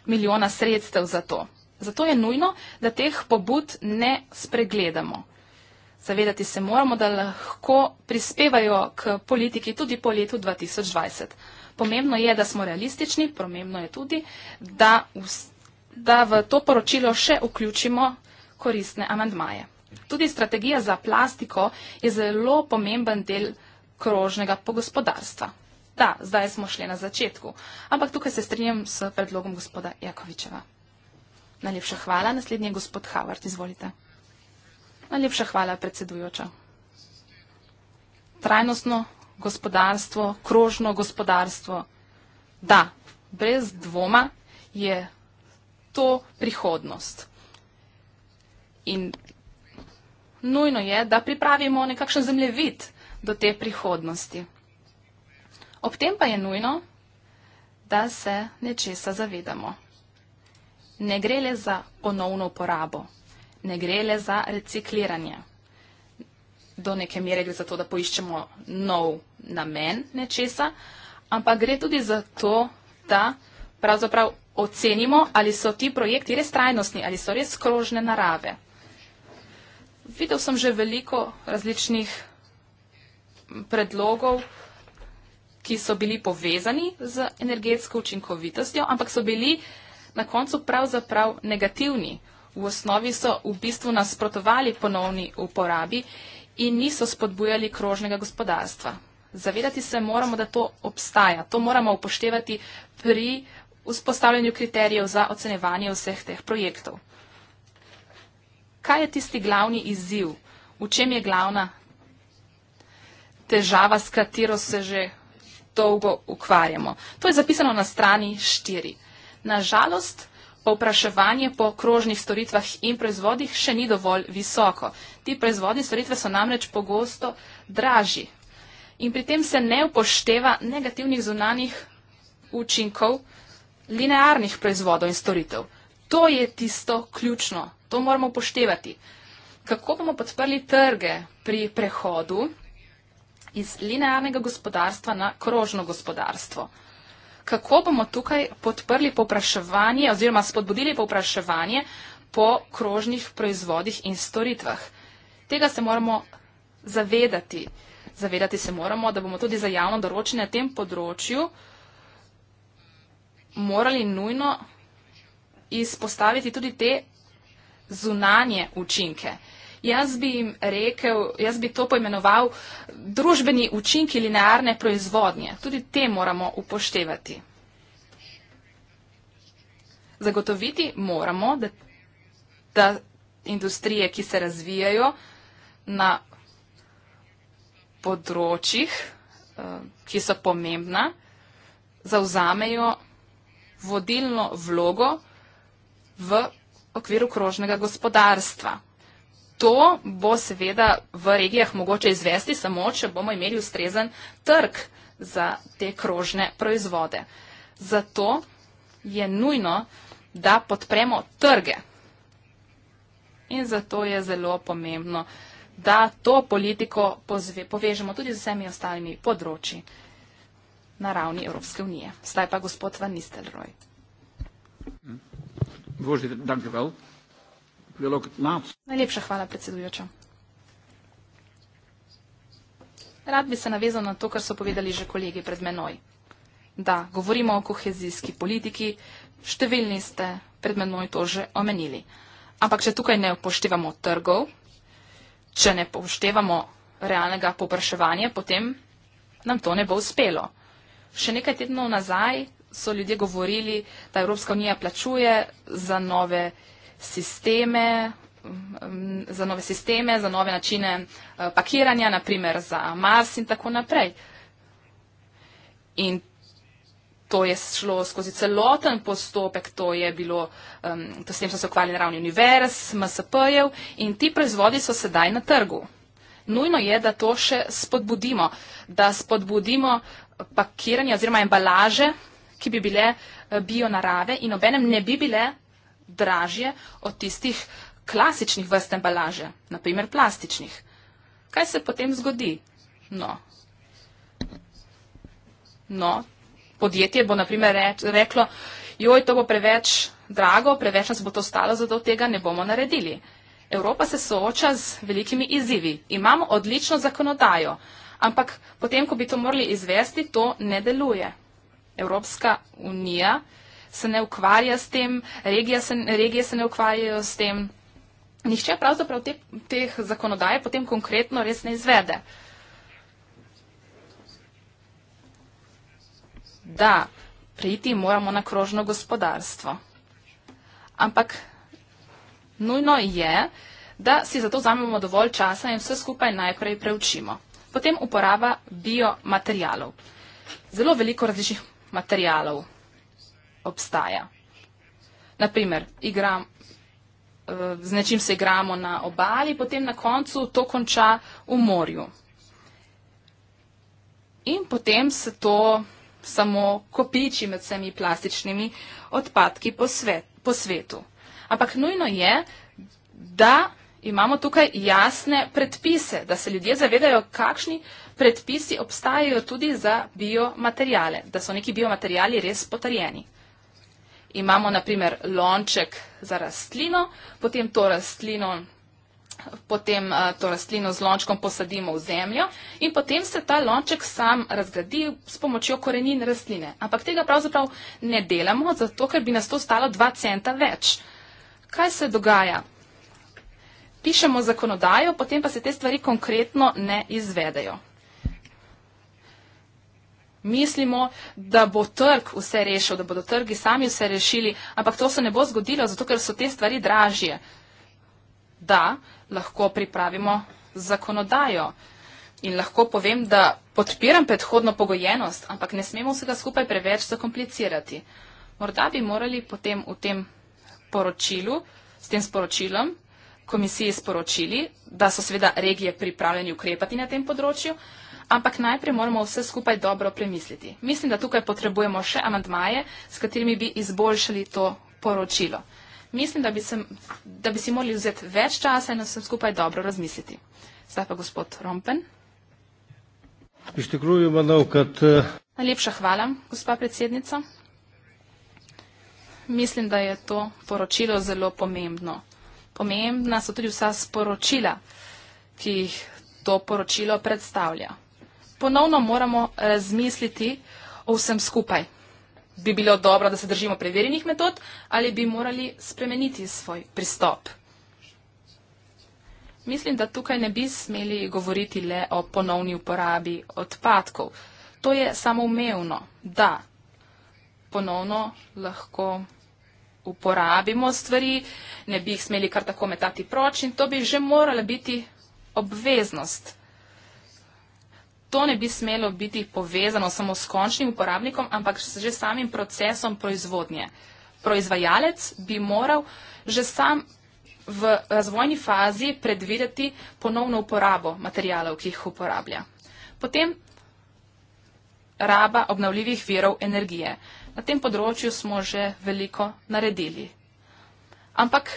milijona sredstev za to. Zato je nujno, da teh pobud ne spregledamo. Zavedati se moramo, da lahko prispevajo k politiki tudi po letu 2020. Pomembno je, da smo realistični, pomembno je tudi, da, v, da v to poročilo še vključimo koristne amandmaje. Tudi strategija za plastiko je zelo pomemben del krožnega pogospodarstva. Da, zdaj smo šli na začetku, ampak tukaj se strinjam s predlogom gospoda Jakovičeva. Najlepša hvala. Naslednji je gospod Havard. Izvolite. Najlepša hvala, predsedujoča. Trajnostno gospodarstvo, krožno gospodarstvo. Da, brez dvoma je to prihodnost. In nujno je, da pripravimo nekakšen zemljevid do te prihodnosti. Ob tem pa je nujno, da se nečesa zavedamo. Ne gre le za ponovno uporabo ne gre le za recikliranje. Do neke mere gre za to, da poiščemo nov namen nečesa, ampak gre tudi za to, da pravzaprav ocenimo, ali so ti projekti res trajnostni, ali so res krožne narave. Videl sem že veliko različnih predlogov, ki so bili povezani z energetsko učinkovitostjo, ampak so bili na koncu pravzaprav negativni v osnovi so v bistvu nasprotovali ponovni uporabi in niso spodbujali krožnega gospodarstva. Zavedati se moramo, da to obstaja. To moramo upoštevati pri vzpostavljanju kriterijev za ocenevanje vseh teh projektov. Kaj je tisti glavni izziv? V čem je glavna težava, s katero se že dolgo ukvarjamo? To je zapisano na strani 4. Na žalost povpraševanje po krožnih storitvah in proizvodih še ni dovolj visoko. Ti proizvodni storitve so namreč pogosto dražji. In pri tem se ne upošteva negativnih zunanih učinkov linearnih proizvodov in storitev. To je tisto ključno, to moramo upoštevati. Kako bomo podprli trge pri prehodu iz linearnega gospodarstva na krožno gospodarstvo? kako bomo tukaj podprli popraševanje oziroma spodbudili popraševanje po krožnih proizvodih in storitvah. Tega se moramo zavedati. Zavedati se moramo, da bomo tudi za javno doročenje na tem področju morali nujno izpostaviti tudi te zunanje učinke. Jaz bi jim rekel, jaz bi to poimenoval družbeni učinki linearne proizvodnje. Tudi te moramo upoštevati. Zagotoviti moramo, da, da industrije, ki se razvijajo na področjih, eh, ki so pomembna, zauzamejo vodilno vlogo v okviru krožnega gospodarstva. To bo seveda v regijah mogoče izvesti samo, če bomo imeli ustrezen trg za te krožne proizvode. Zato je nujno, da podpremo trge. In zato je zelo pomembno, da to politiko povežemo tudi z vsemi ostalimi področji na ravni Evropske unije. Zdaj pa gospod Van Nistelrooy.
Mm dialog nad.
Najlepša hvala, predsedujoča. Rad bi se navezal na to, kar so povedali že kolegi pred menoj. Da, govorimo o kohezijski politiki, številni ste pred menoj to že omenili. Ampak če tukaj ne upoštevamo trgov, če ne upoštevamo realnega popraševanja, potem nam to ne bo uspelo. Še nekaj tednov nazaj so ljudje govorili, da Evropska unija plačuje za nove sisteme, mm, za nove sisteme, za nove načine eh, pakiranja, naprimer za Mars in tako naprej. In to je šlo skozi celoten postopek, to je bilo, um, to s tem so se ukvarjali ravni univerz, MSP-jev in ti proizvodi so sedaj na trgu. Nujno je, da to še spodbudimo, da spodbudimo pakiranje oziroma embalaže, ki bi bile eh, bio narave in obenem ne bi bile dražje od tistih klasičnih vrst embalaže, naprimer plastičnih. Kaj se potem zgodi? No. No, podjetje bo naprimer reč, reklo, joj, to bo preveč drago, preveč nas bo to stalo, zato tega ne bomo naredili. Evropa se sooča z velikimi izzivi. Imamo odlično zakonodajo, ampak potem, ko bi to morali izvesti, to ne deluje. Evropska unija se ne ukvarja s tem, se, regije se ne ukvarjajo s tem. Nihče pravzaprav te, teh zakonodaje potem konkretno res ne izvede. Da, priti moramo na krožno gospodarstvo. Ampak nujno je, da si zato vzamemo dovolj časa in vse skupaj najprej preučimo. Potem uporaba biomaterialov. Zelo veliko različnih materialov obstaja. Naprimer, igram, eh, z nečim se igramo na obali, potem na koncu to konča v morju. In potem se to samo kopiči med vsemi plastičnimi odpadki po, svet, po svetu. Ampak nujno je, da imamo tukaj jasne predpise, da se ljudje zavedajo, kakšni predpisi obstajajo tudi za biomaterjale, da so neki biomaterjali res potrjeni imamo naprimer lonček za rastlino, potem to rastlino, potem eh, to rastlino z lončkom posadimo v zemljo in potem se ta lonček sam razgradi s pomočjo korenin rastline. Ampak tega pravzaprav ne delamo, zato ker bi nas to stalo 2 centa več. Kaj se dogaja? Pišemo zakonodajo, potem pa se te stvari konkretno ne izvedejo mislimo, da bo trg vse rešil, da bodo trgi sami vse rešili, ampak to se ne bo zgodilo, zato ker so te stvari dražje. Da, lahko pripravimo zakonodajo. In lahko povem, da podpiram predhodno pogojenost, ampak ne smemo vsega skupaj preveč zakomplicirati. Morda bi morali potem v tem poročilu, s tem sporočilom, komisiji sporočili, da so seveda regije pripravljeni ukrepati na tem področju, ampak najprej moramo vse skupaj dobro premisliti. Mislim, da tukaj potrebujemo še amantmaje, s katerimi bi izboljšali to poročilo. Mislim, da bi, sem, da bi si morali vzeti več časa in vse skupaj dobro razmisliti. Zdaj pa gospod Rompen. Najlepša hvala, gospa predsednica. Mislim, da je to poročilo zelo pomembno. Pomembna so tudi vsa sporočila, ki jih to poročilo predstavlja. Ponovno moramo razmisliti o vsem skupaj. Bi bilo dobro, da se držimo preverjenih metod ali bi morali spremeniti svoj pristop? Mislim, da tukaj ne bi smeli govoriti le o ponovni uporabi odpadkov. To je samoumevno, da ponovno lahko uporabimo stvari, ne bi jih smeli kar tako metati proč in to bi že morala biti obveznost. To ne bi smelo biti povezano samo s končnim uporabnikom, ampak že s samim procesom proizvodnje. Proizvajalec bi moral že sam v razvojni fazi predvideti ponovno uporabo materijalov, ki jih uporablja. Potem raba obnovljivih virov energije. Na tem področju smo že veliko naredili. Ampak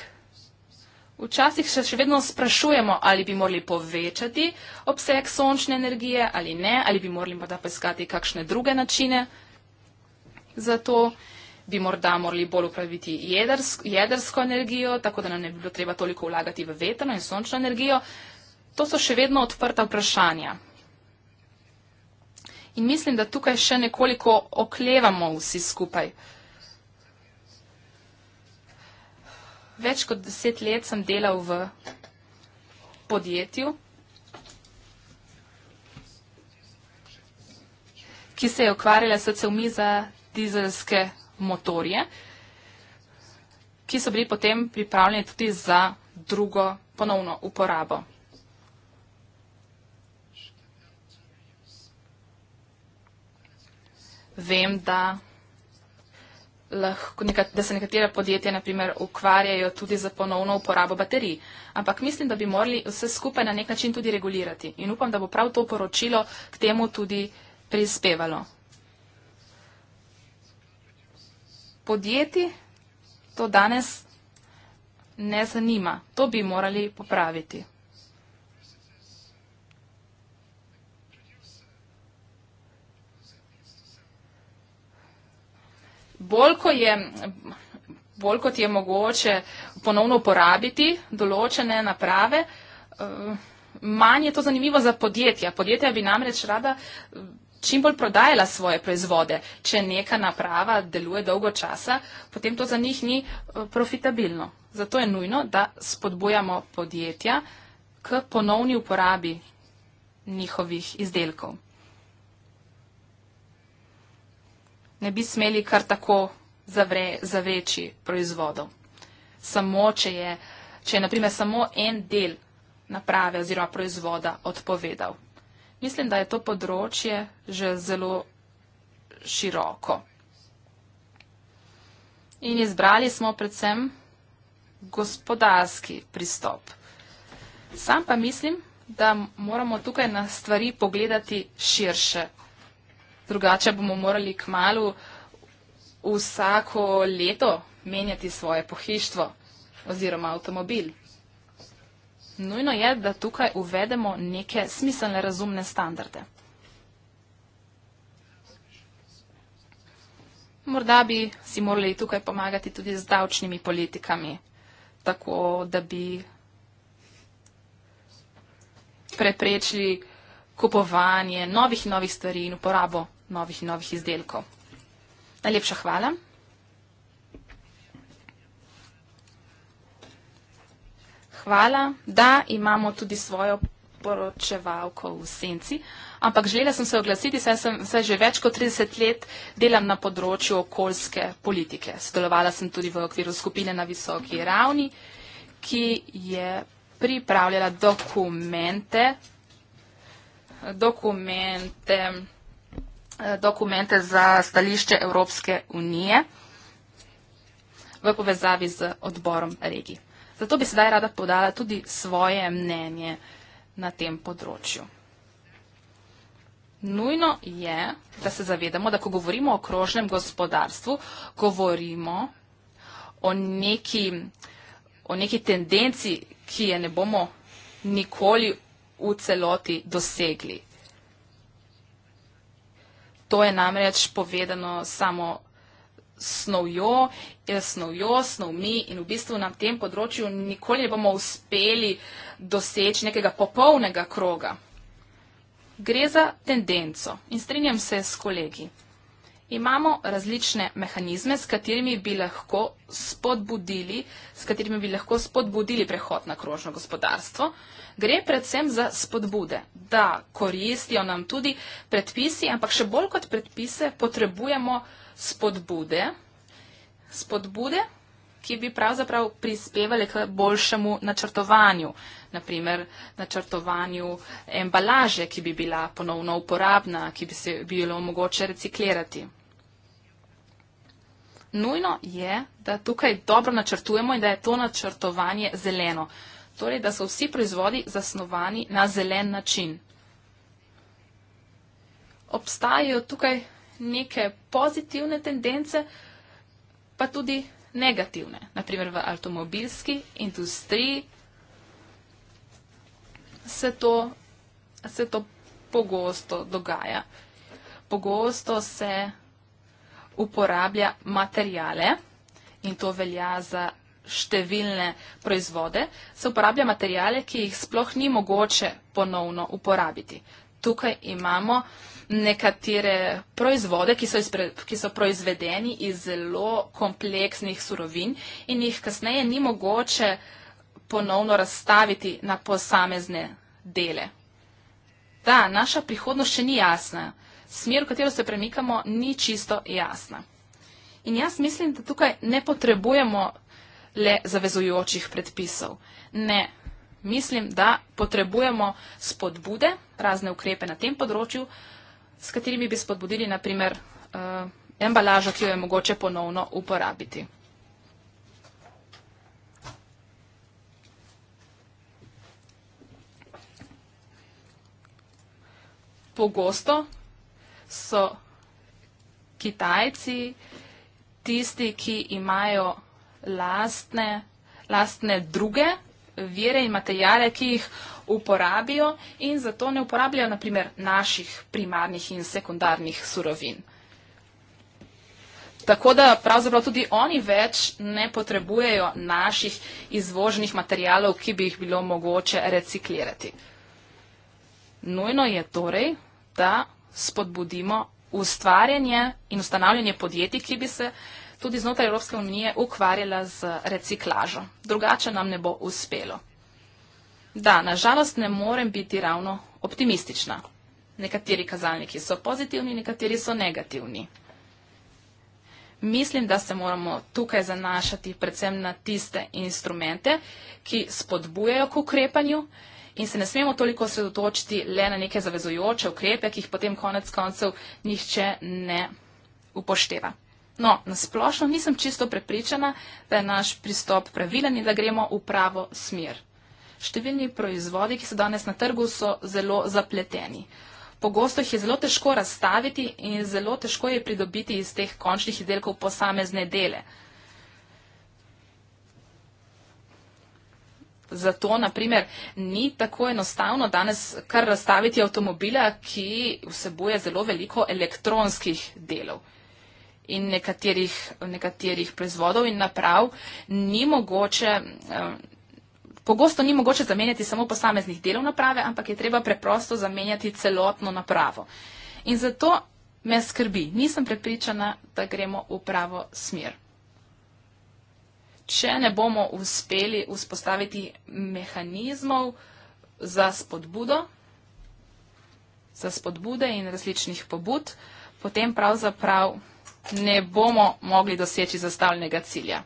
včasih se še vedno sprašujemo, ali bi morali povečati obseg sončne energije ali ne, ali bi morali morda poiskati kakšne druge načine za to, bi morda morali bolj upraviti jedersko, jedersko energijo, tako da nam ne bi bilo treba toliko vlagati v veterno in sončno energijo. To so še vedno odprta vprašanja. In mislim, da tukaj še nekoliko oklevamo vsi skupaj. Več kot deset let sem delal v podjetju, ki se je ukvarjala s celmi za dizelske motorje, ki so bili potem pripravljeni tudi za drugo ponovno uporabo. vem, da, lahko, da se nekatere podjetja naprimer, ukvarjajo tudi za ponovno uporabo baterij. Ampak mislim, da bi morali vse skupaj na nek način tudi regulirati. In upam, da bo prav to poročilo k temu tudi prispevalo. Podjetji to danes ne zanima. To bi morali popraviti. bolj, ko je, bolj kot je mogoče ponovno uporabiti določene naprave, eh, manj je to zanimivo za podjetja. Podjetja bi namreč rada eh, čim bolj prodajala svoje proizvode. Če neka naprava deluje dolgo časa, potem to za njih ni eh, profitabilno. Zato je nujno, da spodbujamo podjetja k ponovni uporabi njihovih izdelkov. ne bi smeli kar tako zavre, zavreči proizvodov. Samo, če je, če je naprimer samo en del naprave oziroma proizvoda odpovedal. Mislim, da je to področje že zelo široko. In izbrali smo predvsem gospodarski pristop. Sam pa mislim, da moramo tukaj na stvari pogledati širše drugače bomo morali k malu vsako leto menjati svoje pohištvo oziroma avtomobil. Nujno je, da tukaj uvedemo neke smiselne razumne standarde. Morda bi si morali tukaj pomagati tudi z davčnimi politikami, tako da bi preprečili kupovanje novih in novih stvari in uporabo novih in novih izdelkov. Najlepša hvala. Hvala, da imamo tudi svojo poročevalko v senci, ampak želela sem se oglasiti, saj sem saj že več kot 30 let delam na področju okoljske politike. Sodelovala sem tudi v okviru skupine na visoki ravni, ki je pripravljala dokumente, dokumente Eh, dokumente za stališče Evropske unije v povezavi z odborom regij. Zato bi sedaj rada podala tudi svoje mnenje na tem področju. Nujno je, da se zavedamo, da ko govorimo o krožnem gospodarstvu, govorimo o neki, o neki tendenci, ki je ne bomo nikoli v celoti dosegli. To je namreč povedano samo snovjo, eh, snovjo, snovmi in v bistvu na tem področju nikoli ne bomo uspeli doseči nekega popolnega kroga. Gre za tendenco in strinjam se s kolegi. Imamo različne mehanizme, s katerimi bi lahko spodbudili, s katerimi bi lahko spodbudili prehod na krožno gospodarstvo. Gre predvsem za spodbude, da koristijo nam tudi predpisi, ampak še bolj kot predpise potrebujemo spodbude, spodbude ki bi pravzaprav prispevali k boljšemu načrtovanju naprimer načrtovanju embalaže, ki bi bila ponovno uporabna, ki bi se bilo mogoče reciklirati. Nujno je, da tukaj dobro načrtujemo in da je to načrtovanje zeleno. Torej, da so vsi proizvodi zasnovani na zelen način. Obstajajo tukaj neke pozitivne tendence, pa tudi negativne. Naprimer v avtomobilski industriji se to, se to pogosto dogaja. Pogosto se uporablja materijale in to velja za številne proizvode, se uporablja materijale, ki jih sploh ni mogoče ponovno uporabiti. Tukaj imamo nekatere proizvode, ki so, izpre, ki so proizvedeni iz zelo kompleksnih surovin in jih kasneje ni mogoče uh, ponovno razstaviti na posamezne dele. Da, naša prihodnost še ni jasna. Smer, v katero se premikamo, ni čisto jasna. In jaz mislim, da tukaj ne potrebujemo le zavezujočih predpisov. Ne, mislim, da potrebujemo spodbude, razne ukrepe na tem področju, s katerimi bi spodbudili, naprimer, uh, eh, embalažo, ki jo je mogoče ponovno uporabiti. pogosto so Kitajci tisti, ki imajo lastne, lastne druge vire in materijale, ki jih uporabijo in zato ne uporabljajo naprimer naših primarnih in sekundarnih surovin. Tako da pravzaprav tudi oni več ne potrebujejo naših izvoženih materijalov, ki bi jih bilo mogoče reciklirati. Nujno je torej, da spodbudimo ustvarjanje in ustanavljanje podjetij, ki bi se tudi znotraj Evropske unije ukvarjala z reciklažo. Drugače nam ne bo uspelo. Da, nažalost ne morem biti ravno optimistična. Nekateri kazalniki so pozitivni, nekateri so negativni. Mislim, da se moramo tukaj zanašati predvsem na tiste instrumente, ki spodbujajo k ukrepanju, in se ne smemo toliko sredotočiti le na neke zavezujoče ukrepe, ki jih potem konec koncev nihče ne upošteva. No, nasplošno nisem čisto prepričana, da je naš pristop pravilen in da gremo v pravo smer. Številni proizvodi, ki so danes na trgu, so zelo zapleteni. Pogosto jih je zelo težko razstaviti in zelo težko je pridobiti iz teh končnih izdelkov posamezne dele. Zato, naprimer, ni tako enostavno danes kar razstaviti avtomobila, ki vsebuje zelo veliko elektronskih delov in nekaterih, nekaterih proizvodov in naprav. Ni mogoče, eh, pogosto ni mogoče zamenjati samo posameznih delov naprave, ampak je treba preprosto zamenjati celotno napravo. In zato me skrbi, nisem prepričana, da gremo v pravo smer če ne bomo uspeli vzpostaviti mehanizmov za spodbudo, za spodbude in različnih pobud, potem pravzaprav ne bomo mogli doseči zastavljenega cilja.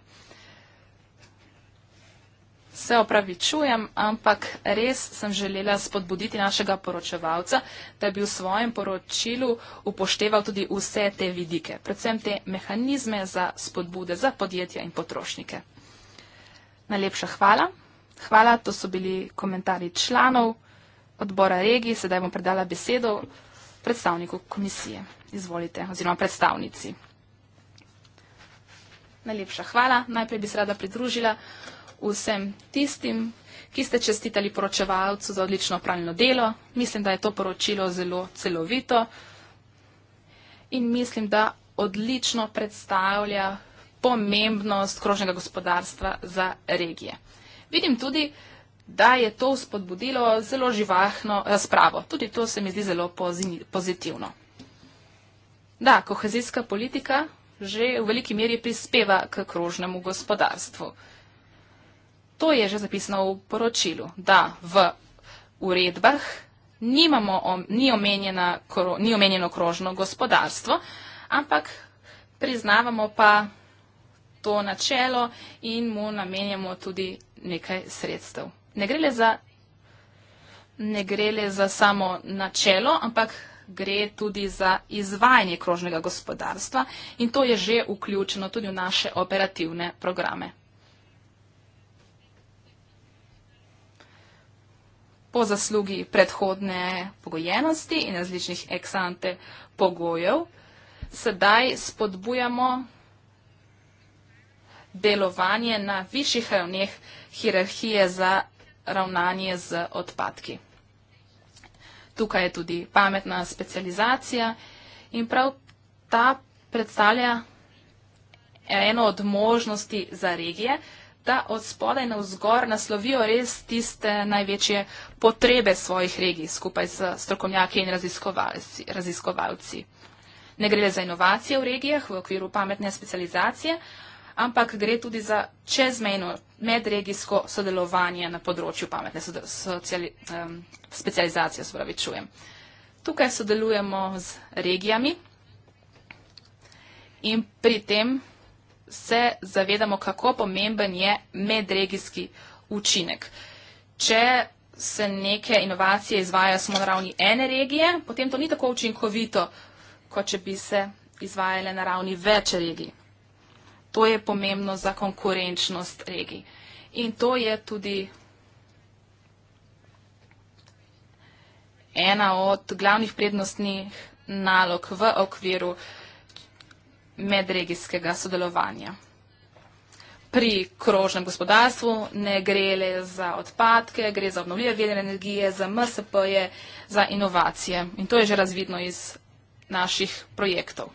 Se opravičujem, ampak res sem želela spodbuditi našega poročevalca, da bi v svojem poročilu upošteval tudi vse te vidike, predvsem te mehanizme za spodbude za podjetja in potrošnike. Najlepša hvala. Hvala, to so bili komentarji članov odbora regij. Sedaj bom predala besedo predstavniku komisije. Izvolite, oziroma predstavnici. Najlepša hvala. Najprej bi se rada pridružila vsem tistim, ki ste čestitali poročevalcu za odlično opravljeno delo. Mislim, da je to poročilo zelo celovito in mislim, da odlično predstavlja pomembnost krožnega gospodarstva za regije. Vidim tudi, da je to spodbudilo zelo živahno razpravo. Tudi to se mi zdi zelo pozitivno. Da, kohezijska politika že v veliki meri prispeva k krožnemu gospodarstvu. To je že zapisano v poročilu, da v uredbah nimamo, ni, omenjena, ni omenjeno krožno gospodarstvo, ampak priznavamo pa to načelo in mu namenjamo tudi nekaj sredstev. Ne gre le za, ne gre le za samo načelo, ampak gre tudi za izvajanje krožnega gospodarstva in to je že vključeno tudi v naše operativne programe. po zaslugi predhodne pogojenosti in različnih eksante pogojev, sedaj spodbujamo delovanje na višjih ravneh hierarhije za ravnanje z odpadki. Tukaj je tudi pametna specializacija in prav ta predstavlja eno od možnosti za regije, da od spodaj na vzgor naslovijo res tiste največje potrebe svojih regij skupaj z strokovnjaki in raziskovalci. raziskovalci. Ne gre le za inovacije v regijah v okviru pametne specializacije, ampak gre tudi za čezmejno medregijsko sodelovanje na področju pametne sociali, um, specializacije. Spravičujem. Tukaj sodelujemo z regijami in pri tem se zavedamo, kako pomemben je medregijski učinek. Če se neke inovacije izvajajo samo na ravni ene regije, potem to ni tako učinkovito, kot če bi se izvajale na ravni več regij. To je pomembno za konkurenčnost regij. In to je tudi ena od glavnih prednostnih nalog v okviru uh, medregijskega sodelovanja. Pri krožnem gospodarstvu ne gre le za odpadke, gre za obnovljive vire energije, za MSP-je, za inovacije. In to je že razvidno iz naših projektov.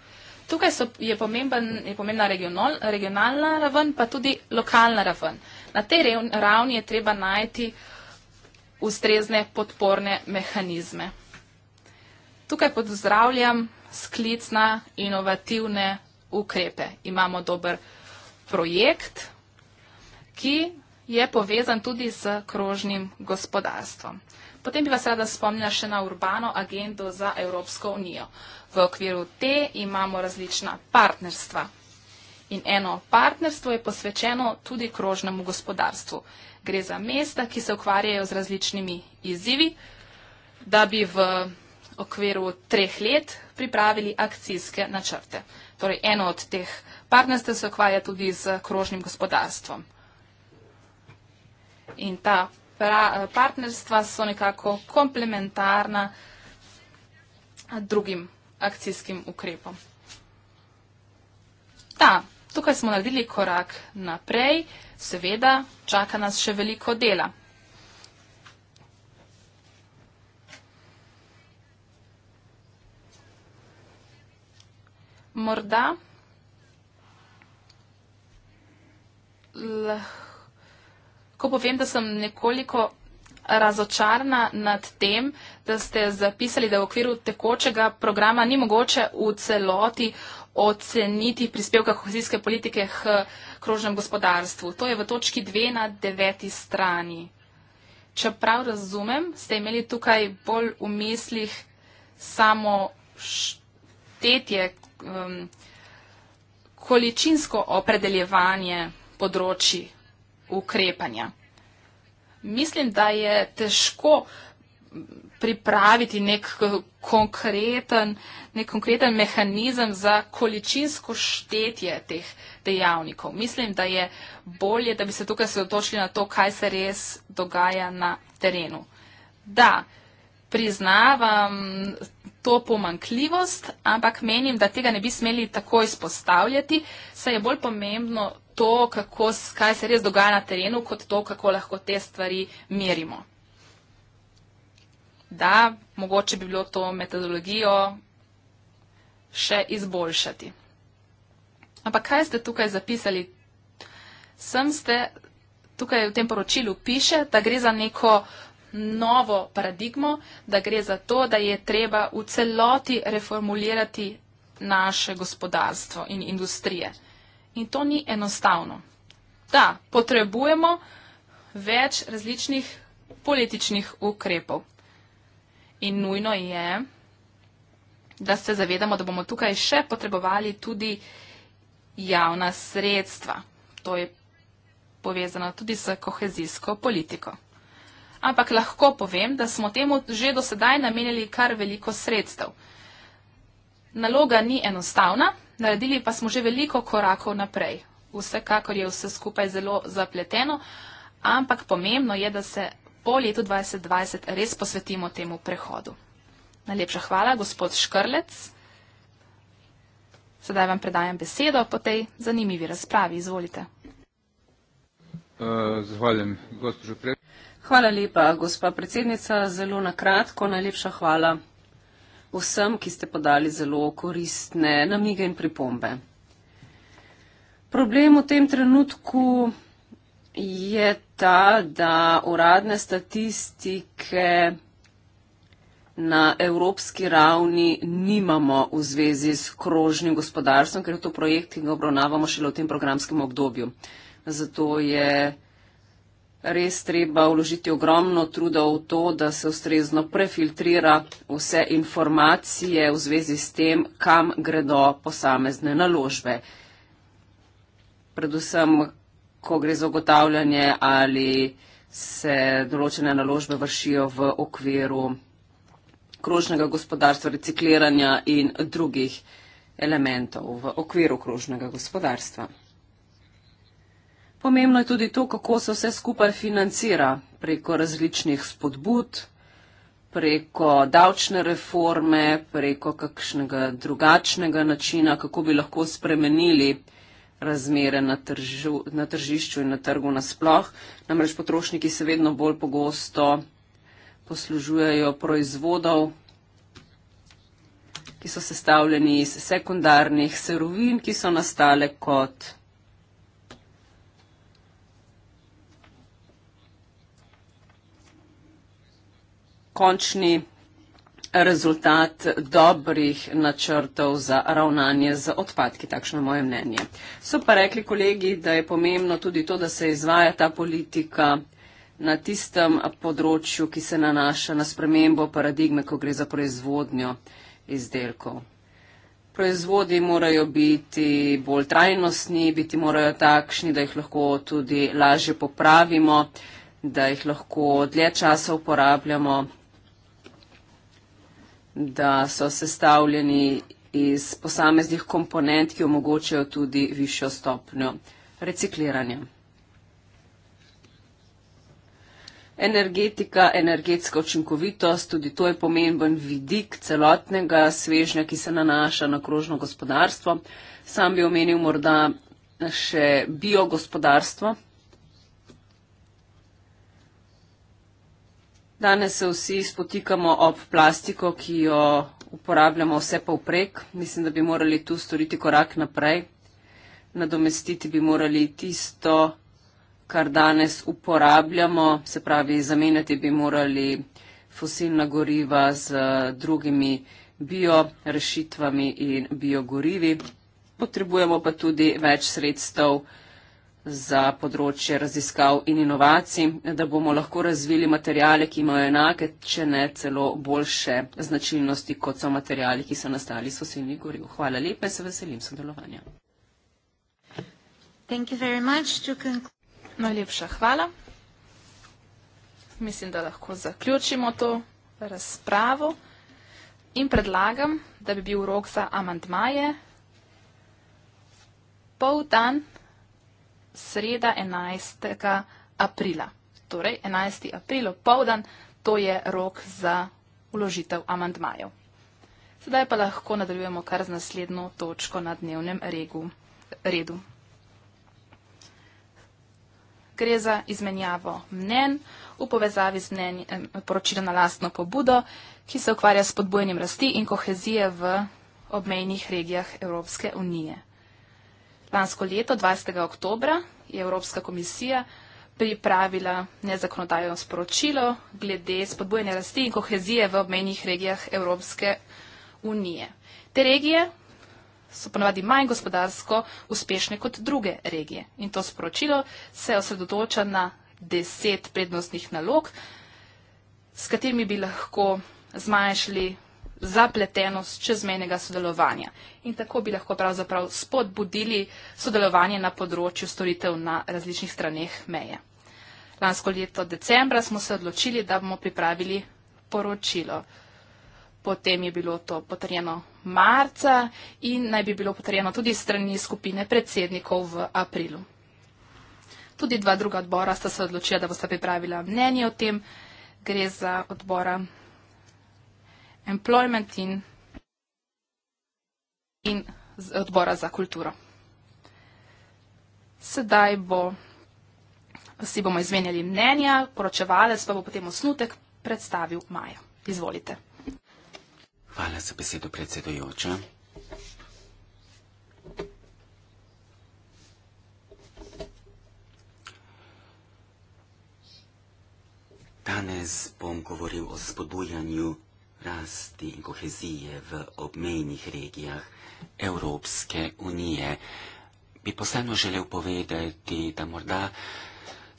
Tukaj so, je, pomemben, je pomembna regional, regionalna raven, pa tudi lokalna raven. Na tej ravni je treba najti ustrezne podporne mehanizme. Tukaj pozdravljam sklic na inovativne ukrepe. Imamo dober projekt, ki je povezan tudi z krožnim gospodarstvom. Potem bi vas rada spomnila še na urbano agendo za Evropsko unijo. V okviru te imamo različna partnerstva. In eno partnerstvo je posvečeno tudi krožnemu gospodarstvu. Gre za mesta, ki se ukvarjajo z različnimi izzivi, da bi v okviru treh let pripravili akcijske načrte. Torej, eno od teh partnerstv se ukvarja tudi z krožnim gospodarstvom. In ta pra, partnerstva so nekako komplementarna drugim akcijskim ukrepom. Da, tukaj smo naredili korak naprej, seveda čaka nas še veliko dela. morda lahko povem, da sem nekoliko razočarna nad tem, da ste zapisali, da v okviru tekočega programa ni mogoče v celoti oceniti prispevka kohezijske politike k krožnem gospodarstvu. To je v točki dve na deveti strani. Če prav razumem, ste imeli tukaj bolj v mislih samo petje, um, količinsko opredeljevanje področji ukrepanja. Mislim, da je težko pripraviti nek konkreten, nek konkreten mehanizem za količinsko štetje teh dejavnikov. Mislim, da je bolje, da bi se tukaj sredotočili na to, kaj se res dogaja na terenu. Da, priznavam to pomankljivost, ampak menim, da tega ne bi smeli tako izpostavljati, saj je bolj pomembno to, kako, kaj se res dogaja na terenu, kot to, kako lahko te stvari merimo. Da, mogoče bi bilo to metodologijo še izboljšati. Ampak kaj ste tukaj zapisali? Sem ste tukaj v tem poročilu piše, da gre za neko novo paradigmo, da gre za to, da je treba v celoti reformulirati naše gospodarstvo in industrije. In to ni enostavno. Da, potrebujemo več različnih političnih ukrepov. In nujno je, da se zavedamo, da bomo tukaj še potrebovali tudi javna sredstva. To je povezano tudi s kohezijsko politiko ampak lahko povem, da smo temu že do sedaj namenjali kar veliko sredstev. Naloga ni enostavna, naredili pa smo že veliko korakov naprej. Vsekakor je vse skupaj zelo zapleteno, ampak pomembno je, da se po letu 2020 res posvetimo temu prehodu. Najlepša hvala, gospod Škrlec. Sedaj vam predajam besedo po tej zanimivi razpravi. Izvolite.
Uh, zahvaljujem, gospođo predsjednice.
Hvala
lepa, gospa predsednica. Zelo na kratko, najlepša hvala vsem, ki ste podali zelo koristne namige in pripombe. Problem v tem
trenutku
je ta, da uradne statistike na evropski ravni nimamo v zvezi s krožnim gospodarstvom, ker je to projekt, ki ga obravnavamo šele v tem programskem obdobju. Zato je res treba vložiti ogromno truda v to, da se ustrezno prefiltrira vse informacije v zvezi s tem, kam gredo posamezne naložbe. Predvsem, ko gre za ugotavljanje, ali se določene naložbe vršijo v okviru krožnega gospodarstva, recikliranja in drugih elementov v okviru krožnega gospodarstva. Pomembno je tudi to, kako se vse skupaj financira preko različnih spodbud, preko davčne reforme, preko kakšnega drugačnega načina, kako bi lahko spremenili razmere na, tržu, na tržišču in na trgu nasploh. Namreč potrošniki se vedno bolj pogosto poslužujejo proizvodov, ki so sestavljeni iz sekundarnih serovin, ki so nastale kot. končni rezultat dobrih načrtov za ravnanje z odpadki, takšno moje mnenje. So pa rekli kolegi, da je pomembno tudi to, da se izvaja ta politika na tistem področju, ki se nanaša na spremembo paradigme, ko gre za proizvodnjo izdelkov. Proizvodi morajo biti bolj trajnostni, biti morajo takšni, da jih lahko tudi lažje popravimo, da jih lahko dlje časa uporabljamo da so sestavljeni iz posameznih komponent, ki omogočajo tudi višjo stopnjo recikliranja. Energetika, energetska učinkovitost, tudi to je pomemben vidik celotnega svežnja, ki se nanaša na krožno gospodarstvo. Sam bi omenil morda še biogospodarstvo. Danes se vsi spotikamo ob plastiko, ki jo uporabljamo vse pa vprek. Mislim, da bi morali tu storiti korak naprej. Nadomestiti bi morali tisto, kar danes uporabljamo, se pravi, zamenjati bi morali fosilna goriva z drugimi biorešitvami in biogorivi. Potrebujemo pa tudi več sredstev za področje raziskav in inovacij, da bomo lahko razvili materijale, ki imajo enake, če ne celo boljše značilnosti, kot so materijali, ki so nastali iz fosilnih
goriv. Hvala lepa in se veselim sodelovanja. Najlepša hvala. Mislim, da lahko zaključimo to razpravo in predlagam, da bi bil rok za amantmaje pol dan sreda 11. aprila. Torej, 11. april opovdan, to je rok za uložitev amandmajev. Sedaj pa lahko nadaljujemo kar z naslednjo točko na dnevnem regu, redu. Gre za izmenjavo mnen v povezavi z mnen, eh, poročilo na lastno pobudo, ki se ukvarja s podbojenjem rasti in kohezije v obmejnih regijah Evropske unije. Lansko leto, 20. oktobra, je Evropska komisija pripravila nezakonodajno sporočilo glede spodbujanja rasti in kohezije v obmejnih regijah Evropske unije. Te regije so ponovadi manj gospodarsko uspešne kot druge regije. In to sporočilo se osredotoča na deset prednostnih nalog, s katerimi bi lahko zmanjšali zapletenost čezmenega sodelovanja. In tako bi lahko pravzaprav spodbudili sodelovanje na področju storitev na različnih straneh meje. Lansko leto decembra smo se odločili, da bomo pripravili poročilo. Potem je bilo to potrjeno marca in naj bi bilo potrjeno tudi strani skupine predsednikov v aprilu. Tudi dva druga odbora sta se odločila, da bosta pripravila mnenje o tem. Gre za odbora employment in, in z odbora za kulturo. Sedaj bo, si bomo izmenjali mnenja, poročevalec pa bo potem osnutek predstavil Maja. Izvolite.
Hvala za besedo, predsedojoča. Danes bom govoril o spodbujanju rasti in kohezije v obmejnih regijah Evropske unije. Bi posebno želel povedati, da morda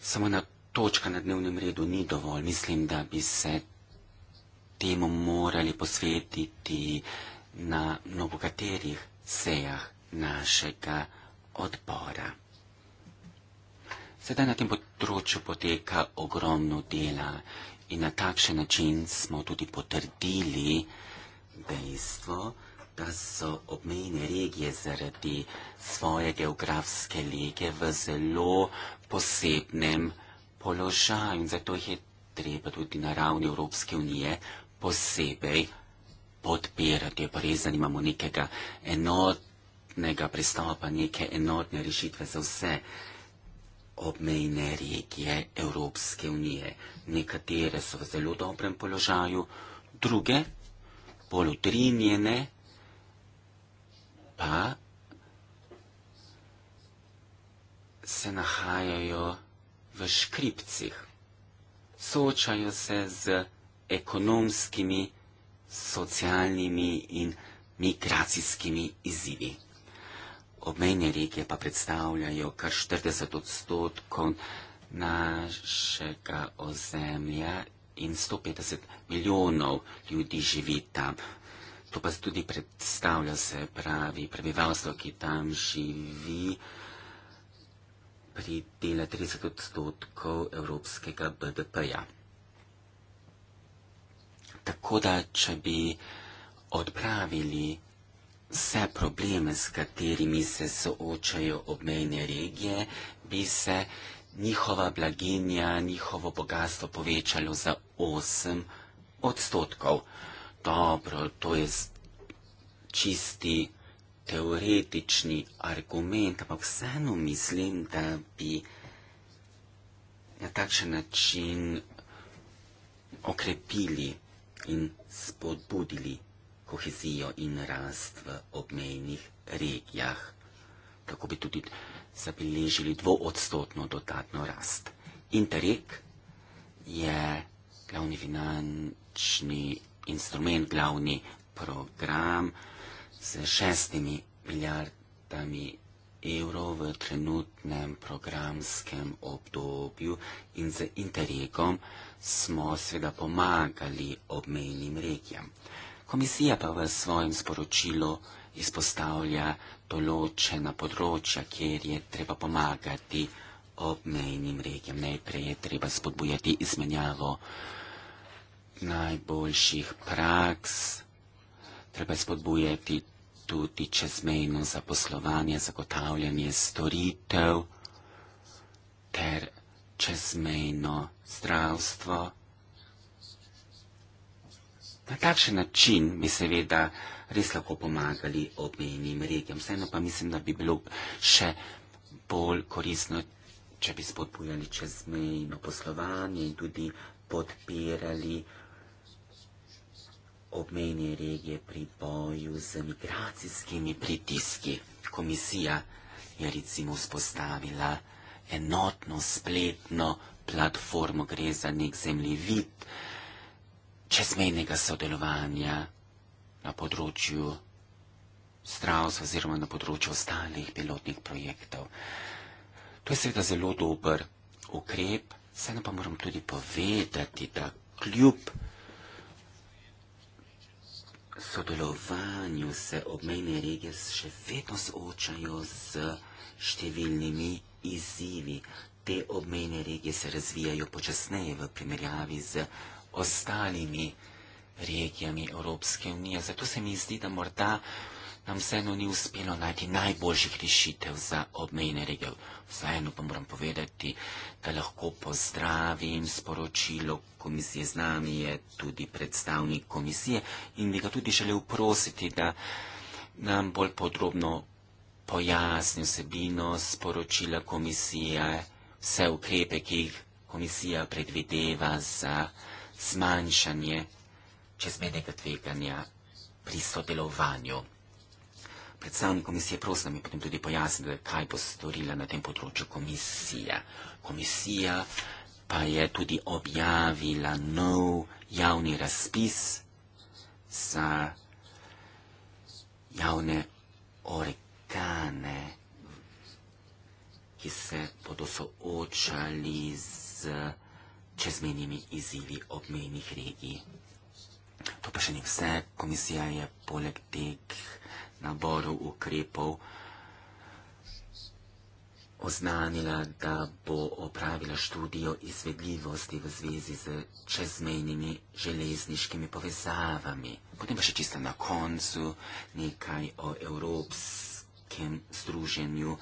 samo ena točka na dnevnem redu ni dovolj. Mislim, da bi se temu morali posvetiti na mnogokaterih sejah našega odbora. Sedaj na tem področju poteka ogromno dela In na takšen način smo tudi potrdili dejstvo, da so obmejne regije zaradi svoje geografske lege v zelo posebnem položaju. In zato jih je treba tudi na ravni Evropske unije posebej podpirati. Je pa res, da nimamo nekega enotnega pristopa, neke enotne rešitve za vse obmejne regije Evropske unije. Nekatere so v zelo dobrem položaju, druge, bolj utrinjene, pa se nahajajo v škripcih, soočajo se z ekonomskimi, socialnimi in migracijskimi izzivi obmejne regije pa predstavljajo kar 40 odstotkov našega ozemlja in 150 milijonov ljudi živi tam. To pa tudi predstavlja se pravi prebivalstvo, ki tam živi, pridela 30 odstotkov evropskega BDP-ja. Tako da, če bi odpravili vse probleme, s katerimi se soočajo obmejne regije, bi se njihova blaginja, njihovo bogatstvo povečalo za 8 odstotkov. Dobro, to je čisti teoretični argument, ampak vseeno mislim, da bi na takšen način okrepili in spodbudili kohezijo in rast v obmejnih regijah. Tako bi tudi zabeležili dvoodstotno dodatno rast. Interreg je glavni finančni instrument, glavni program z šestimi milijardami evrov v trenutnem programskem obdobju in z interregom smo seveda pomagali obmejnim regijam. Komisija pa v svojem sporočilu izpostavlja določena področja, kjer je treba pomagati obmejnim regijam. Najprej je treba spodbujati izmenjavo najboljših praks, treba spodbujati tudi čezmejno zaposlovanje, zagotavljanje storitev ter čezmejno zdravstvo. Na takšen način bi seveda res lahko pomagali obmejnim regijam. Vseeno pa mislim, da bi bilo še bolj korisno, če bi spodbujali čezmejno poslovanje in tudi podpirali obmejne regije pri boju z migracijskimi pritiski. Komisija je recimo spostavila enotno spletno platformo, gre za nek zemljevid, čezmejnega sodelovanja na področju zdravstva oziroma na področju ostalih pilotnih projektov. To je seveda zelo dober ukrep, vseeno pa moram tudi povedati, da kljub sodelovanju se obmejne regije še vedno soočajo z številnimi izzivi. Te obmejne regije se razvijajo počasneje v primerjavi z ostalimi regijami Evropske unije. Zato se mi zdi, da morda nam vseeno ni uspelo najti najboljših rešitev za obmejne regije. Vseeno pa moram povedati, da lahko pozdravim sporočilo komisije. Z nami je tudi predstavnik komisije in bi ga tudi želel prositi, da nam bolj podrobno pojasni vsebino sporočila komisije, vse ukrepe, ki jih komisija predvideva za zmanjšanje čezmenega tveganja pri sodelovanju. Predstavnik komisije prosil, da mi potem tudi pojasnil, kaj bo storila na tem področju komisija. Komisija pa je tudi objavila nov javni razpis za javne organe, ki se bodo soočali z čezmenjimi izzivi obmejnih regij. To pa še ni vse. Komisija je poleg teh naborov ukrepov oznanila, da bo opravila študijo izvedljivosti v zvezi z čezmenjimi železniškimi povezavami. Potem pa še čisto na koncu nekaj o Evropskem združenju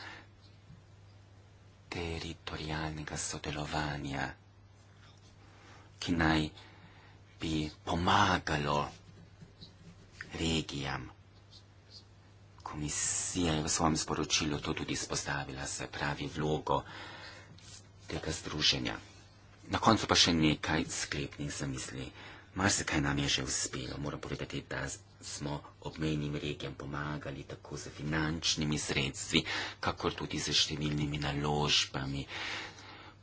teritorijalnega sodelovanja ki naj bi pomagalo regijam. Komisija je v svojem sporočilu to tudi spostavila, se pravi vlogo tega združenja. Na koncu pa še nekaj sklepnih zamisli. Mar se kaj nam je že uspelo. Moram povedati, da smo obmejnim regijam pomagali tako z finančnimi sredstvi, kakor tudi z številnimi naložbami,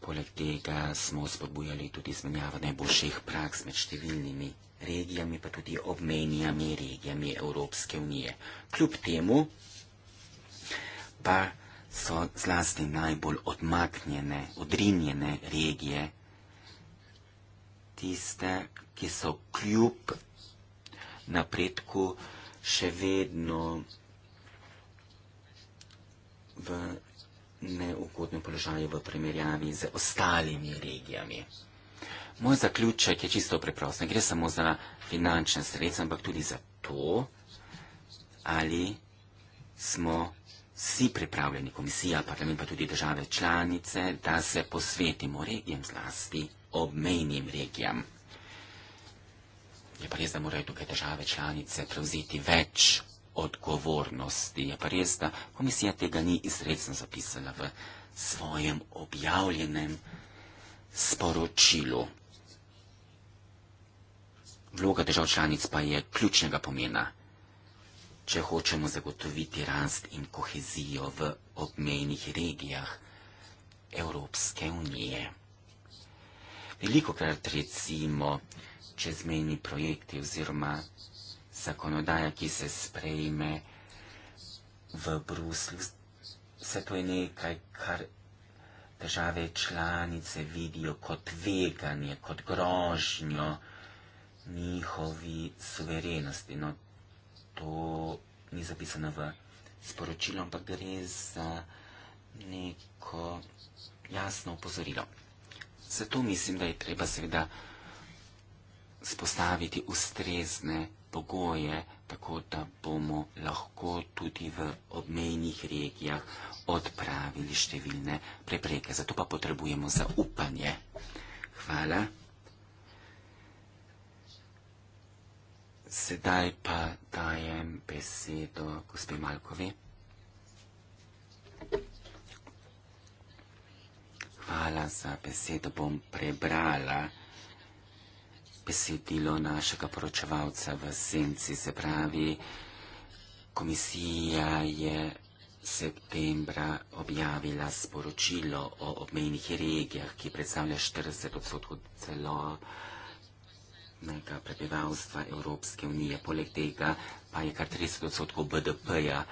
Poleg tega smo spodbujali tudi izmenjavo najboljših praks med številnimi regijami, pa tudi obmenjami regijami Evropske unije. Kljub temu pa so zlasti najbolj odmaknjene, odrinjene regije, tiste, ki so kljub napredku še vedno v neugodnem položaju v primerjavi z ostalimi regijami. Moj zaključek je čisto preprost. Ne gre samo za finančne sredstva, ampak tudi za to, ali smo vsi pripravljeni, komisija, parlament, pa tudi države članice, da se posvetimo regijam zlasti obmejnim regijam. Je pa res, da morajo tukaj države članice prevzeti več odgovornosti. Je pa res, da komisija tega ni izredno zapisala v svojem objavljenem sporočilu. Vloga držav članic pa je ključnega pomena, če hočemo zagotoviti rast in kohezijo v obmejnih regijah Evropske unije. Veliko krat recimo čezmejni projekti oziroma zakonodaja, ki se sprejme v Bruslju. Vse to je nekaj, kar države članice vidijo kot veganje, kot grožnjo njihovi suverenosti. No, to ni zapisano v sporočilu, ampak gre za neko jasno upozorilo. Zato mislim, da je treba seveda spostaviti ustrezne pogoje, tako da bomo lahko tudi v obmejnih regijah odpravili številne prepreke. Zato pa potrebujemo zaupanje. Hvala. Sedaj pa dajem besedo gospe Malkovi. Hvala za besedo. Bom prebrala besedo besedilo našega poročevalca v senci, se pravi, komisija je septembra objavila sporočilo o obmejnih regijah, ki predstavlja 40 odstotkov celo nekaj prebivalstva Evropske unije. Poleg tega pa je kar 30 odstotkov BDP-ja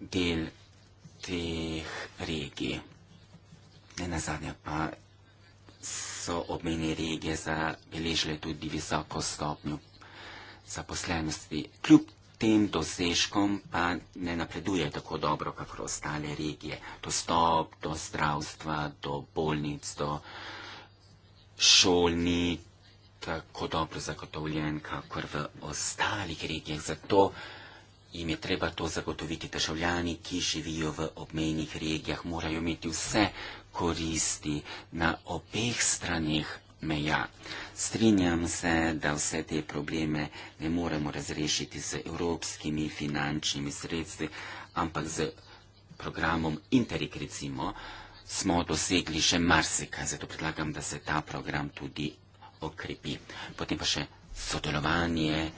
del teh regij. Ne nazadnje pa so obmejne regije zabeležile tudi visoko stopnjo zaposlenosti. Kljub tem dosežkom pa ne napreduje tako dobro, kakor ostale regije. Dostop do zdravstva, do bolnic, do šol ni tako dobro zagotovljen, kakor v ostalih regijah. Zato jim je treba to zagotoviti. Državljani, ki živijo v obmejnih regijah, morajo imeti vse koristi na obeh stranih meja. Strinjam se, da vse te probleme ne moremo razrešiti z evropskimi finančnimi sredstvi, ampak z programom Interreg recimo smo dosegli še marsikaj, zato predlagam, da se ta program tudi okrepi. Potem pa še sodelovanje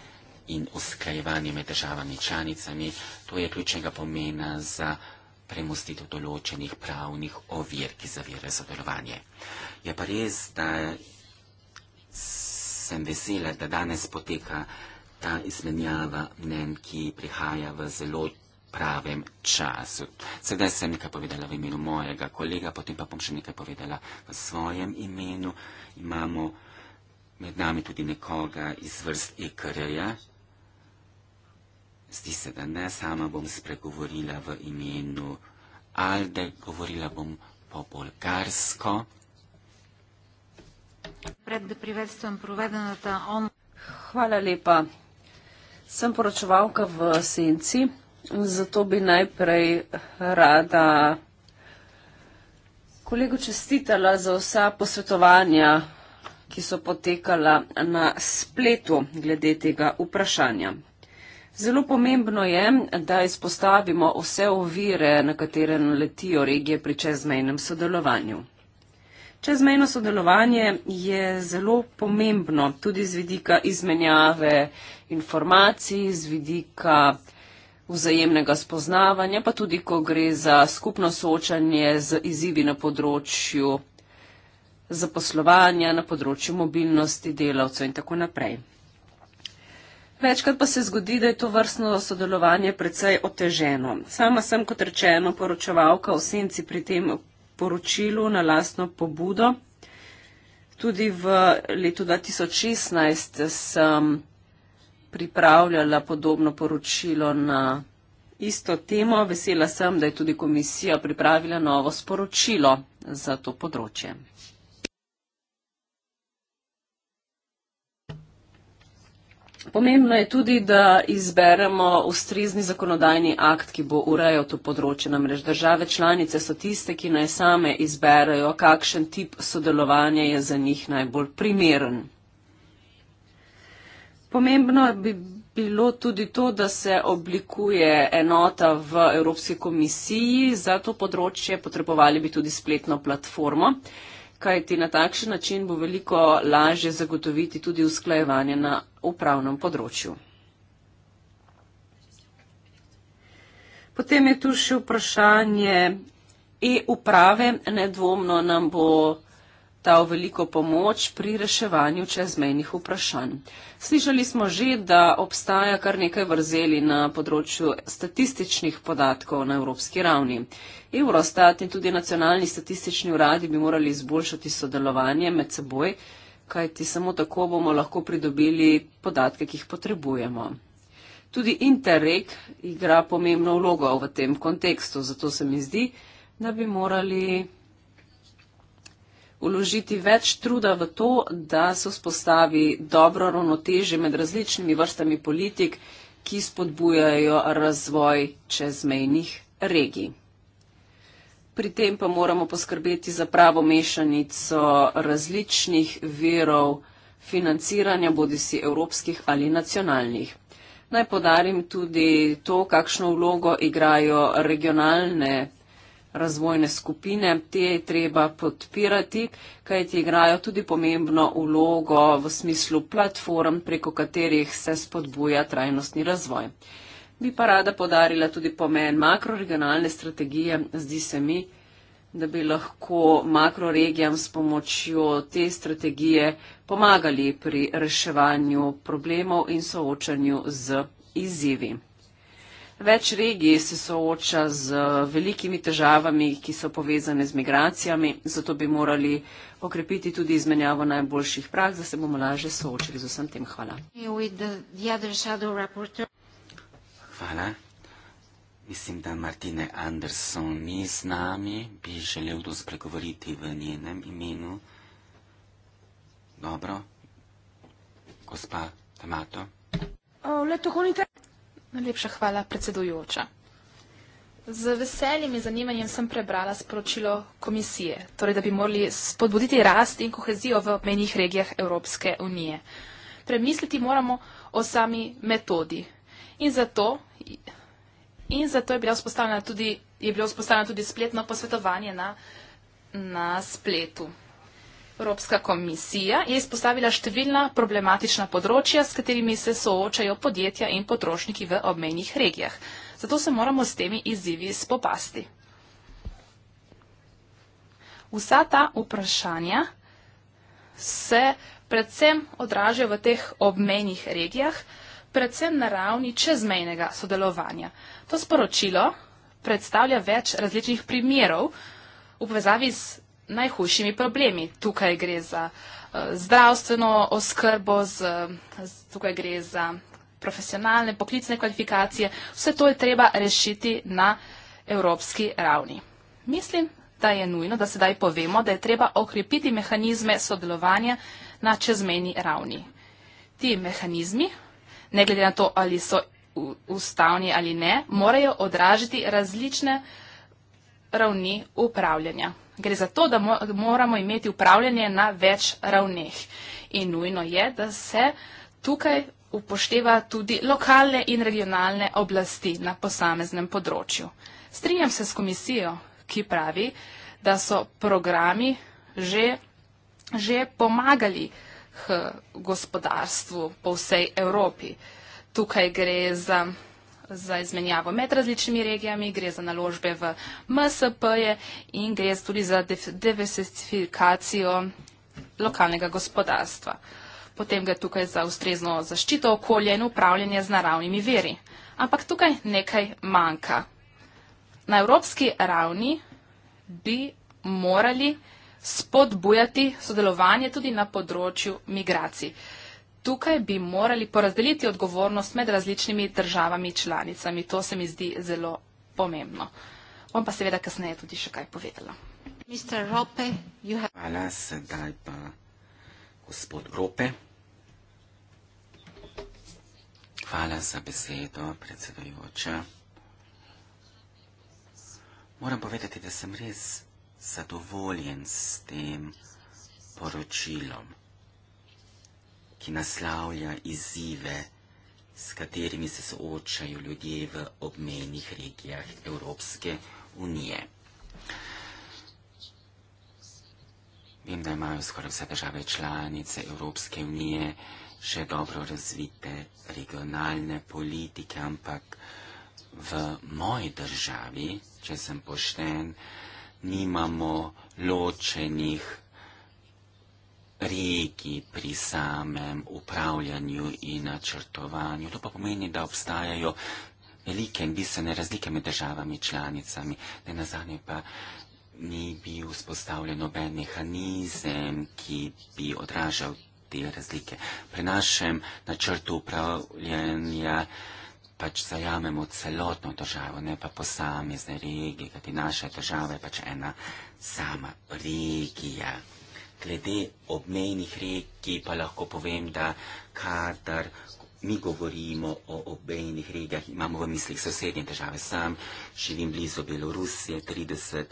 in usklajevanje med državami članicami. To je ključnega pomena za premustitev določenih pravnih ovir, ki zavirajo sodelovanje. Je pa res, da sem vesela, da danes poteka ta izmenjava mnen, ki prihaja v zelo pravem času. Sedaj sem nekaj povedala v imenu mojega kolega, potem pa bom še nekaj povedala v svojem imenu. Imamo med nami tudi nekoga iz vrst EKR-ja, Zdi se, da ne sama bom spregovorila v imenu Alde, govorila bom po bolgarsko.
Pred privedstvom provedenata on...
Hvala lepa. Sem poročevalka v Senci, zato bi najprej rada kolego čestitala za vsa posvetovanja, ki so potekala na spletu glede tega vprašanja. Zelo pomembno je, da izpostavimo vse ovire, na katere naletijo regije pri čezmejnem sodelovanju. Čezmejno sodelovanje je zelo pomembno tudi z vidika izmenjave informacij, z vidika vzajemnega spoznavanja, pa tudi, ko gre za skupno soočanje z izzivi na področju zaposlovanja, na področju mobilnosti delavcev in tako naprej. Večkrat pa se zgodi, da je to vrstno sodelovanje precej oteženo. Sama sem, kot rečeno, poročevalka v senci pri tem poročilu na lastno pobudo. Tudi v letu 2016 sem pripravljala podobno poročilo na isto temo. Vesela sem, da je tudi komisija pripravila novo sporočilo za to področje. Pomembno je tudi, da izberemo ustrezni zakonodajni akt, ki bo urejal to področje. Namreč države članice so tiste, ki naj same izberajo, kakšen tip sodelovanja je za njih najbolj primeren. Pomembno bi bilo tudi to, da se oblikuje enota v Evropski komisiji za to področje. Potrebovali bi tudi spletno platformo kajti na takšen način bo veliko lažje zagotoviti tudi usklajevanje na upravnem področju. Potem je tu še vprašanje e-uprave, nedvomno nam bo ta v veliko pomoč pri reševanju čezmejnih vprašanj. Slišali smo že, da obstaja kar nekaj vrzeli na področju statističnih podatkov na evropski ravni. Eurostat in tudi nacionalni statistični uradi bi morali izboljšati sodelovanje med seboj, kajti samo tako bomo lahko pridobili podatke, ki jih potrebujemo. Tudi Interreg igra pomembno vlogo v tem kontekstu, zato se mi zdi, da bi morali vložiti več truda v to, da se vzpostavi dobro ravnoteže med različnimi vrstami politik, ki spodbujajo razvoj čezmejnih regij. Pri tem pa moramo poskrbeti za pravo mešanico različnih verov financiranja, bodi si evropskih ali nacionalnih. Naj podarim tudi to, kakšno vlogo igrajo regionalne razvojne skupine. Te je treba podpirati, kaj ti igrajo tudi pomembno ulogo v smislu platform, preko katerih se spodbuja trajnostni razvoj. Bi pa rada podarila tudi pomen makroregionalne strategije. Zdi se mi, da bi lahko makroregijam s pomočjo te strategije pomagali pri reševanju problemov in soočanju z izzivi. Več regij se sooča z eh, velikimi težavami, ki so povezane z migracijami, zato bi morali okrepiti tudi izmenjavo najboljših prak, da se bomo lažje soočili z vsem tem. Hvala.
Hvala. Mislim, da Martine Anderson ni z nami, bi želel to spregovoriti v njenem imenu. Dobro. Gospa Tamato.
Oh, Najlepša hvala, predsedujoča. Z veseljem in zanimanjem sem prebrala sporočilo komisije, torej da bi morali spodbuditi rast in kohezijo v menjih regijah Evropske unije. Premisliti moramo o sami metodi. In zato, in zato je, bila tudi, je bilo vzpostavljeno tudi spletno posvetovanje na, na spletu. Evropska komisija je izpostavila številna problematična področja, s katerimi se soočajo podjetja in potrošniki v obmejnih regijah. Zato se moramo s temi izzivi spopasti. Vsa ta vprašanja se predvsem odražajo v teh obmejnih regijah, predvsem na ravni čezmejnega sodelovanja. To sporočilo predstavlja več različnih primerov v povezavi z najhujšimi problemi. Tukaj gre za uh, zdravstveno oskrbo, z, z, tukaj gre za profesionalne poklicne kvalifikacije. Vse to je treba rešiti na evropski ravni. Mislim, da je nujno, da sedaj povemo, da je treba okrepiti mehanizme sodelovanja na čezmeni ravni. Ti mehanizmi, ne glede na to, ali so ustavni ali ne, morajo odražiti različne ravni upravljanja. Gre za to, da moramo imeti upravljanje na več ravneh. In nujno je, da se tukaj upošteva tudi lokalne in regionalne oblasti na posameznem področju. Strinjam se s komisijo, ki pravi, da so programi že, že pomagali h gospodarstvu po vsej Evropi. Tukaj gre za za izmenjavo med različnimi regijami, gre za naložbe v MSP-je in gre tudi za diversifikacijo lokalnega gospodarstva. Potem gre tukaj za ustrezno zaščito okolja in upravljanje z naravnimi veri. Ampak tukaj nekaj manjka. Na evropski ravni bi morali spodbujati sodelovanje tudi na področju migracij tukaj bi morali porazdeliti odgovornost med različnimi državami članicami. To se mi zdi zelo pomembno. Bom pa seveda kasneje tudi še kaj povedala. Rope,
have... Hvala, sedaj pa gospod Rope. Hvala za besedo, predsedujoča. Moram povedati, da sem res zadovoljen s tem poročilom ki naslavlja izzive, s katerimi se soočajo ljudje v obmejnih regijah Evropske unije. Vem, da imajo skoraj vse države članice Evropske unije še dobro razvite regionalne politike, ampak v moji državi, če sem pošten, nimamo ločenih regionalnih regiji pri samem upravljanju in načrtovanju. To pa pomeni, da obstajajo velike in bistvene razlike med državami članicami. Ne nazadnje pa ni bil spostavljen noben mehanizem, ki bi odražal te razlike. Pri našem načrtu upravljanja pač zajamemo celotno državo, ne pa posamezne regije, kajti naša država je pač ena sama regija glede obmejnih rek, ki pa lahko povem, da kadar mi govorimo o obmejnih regijah, imamo v mislih sosednje države. Sam živim blizu Belorusije, 30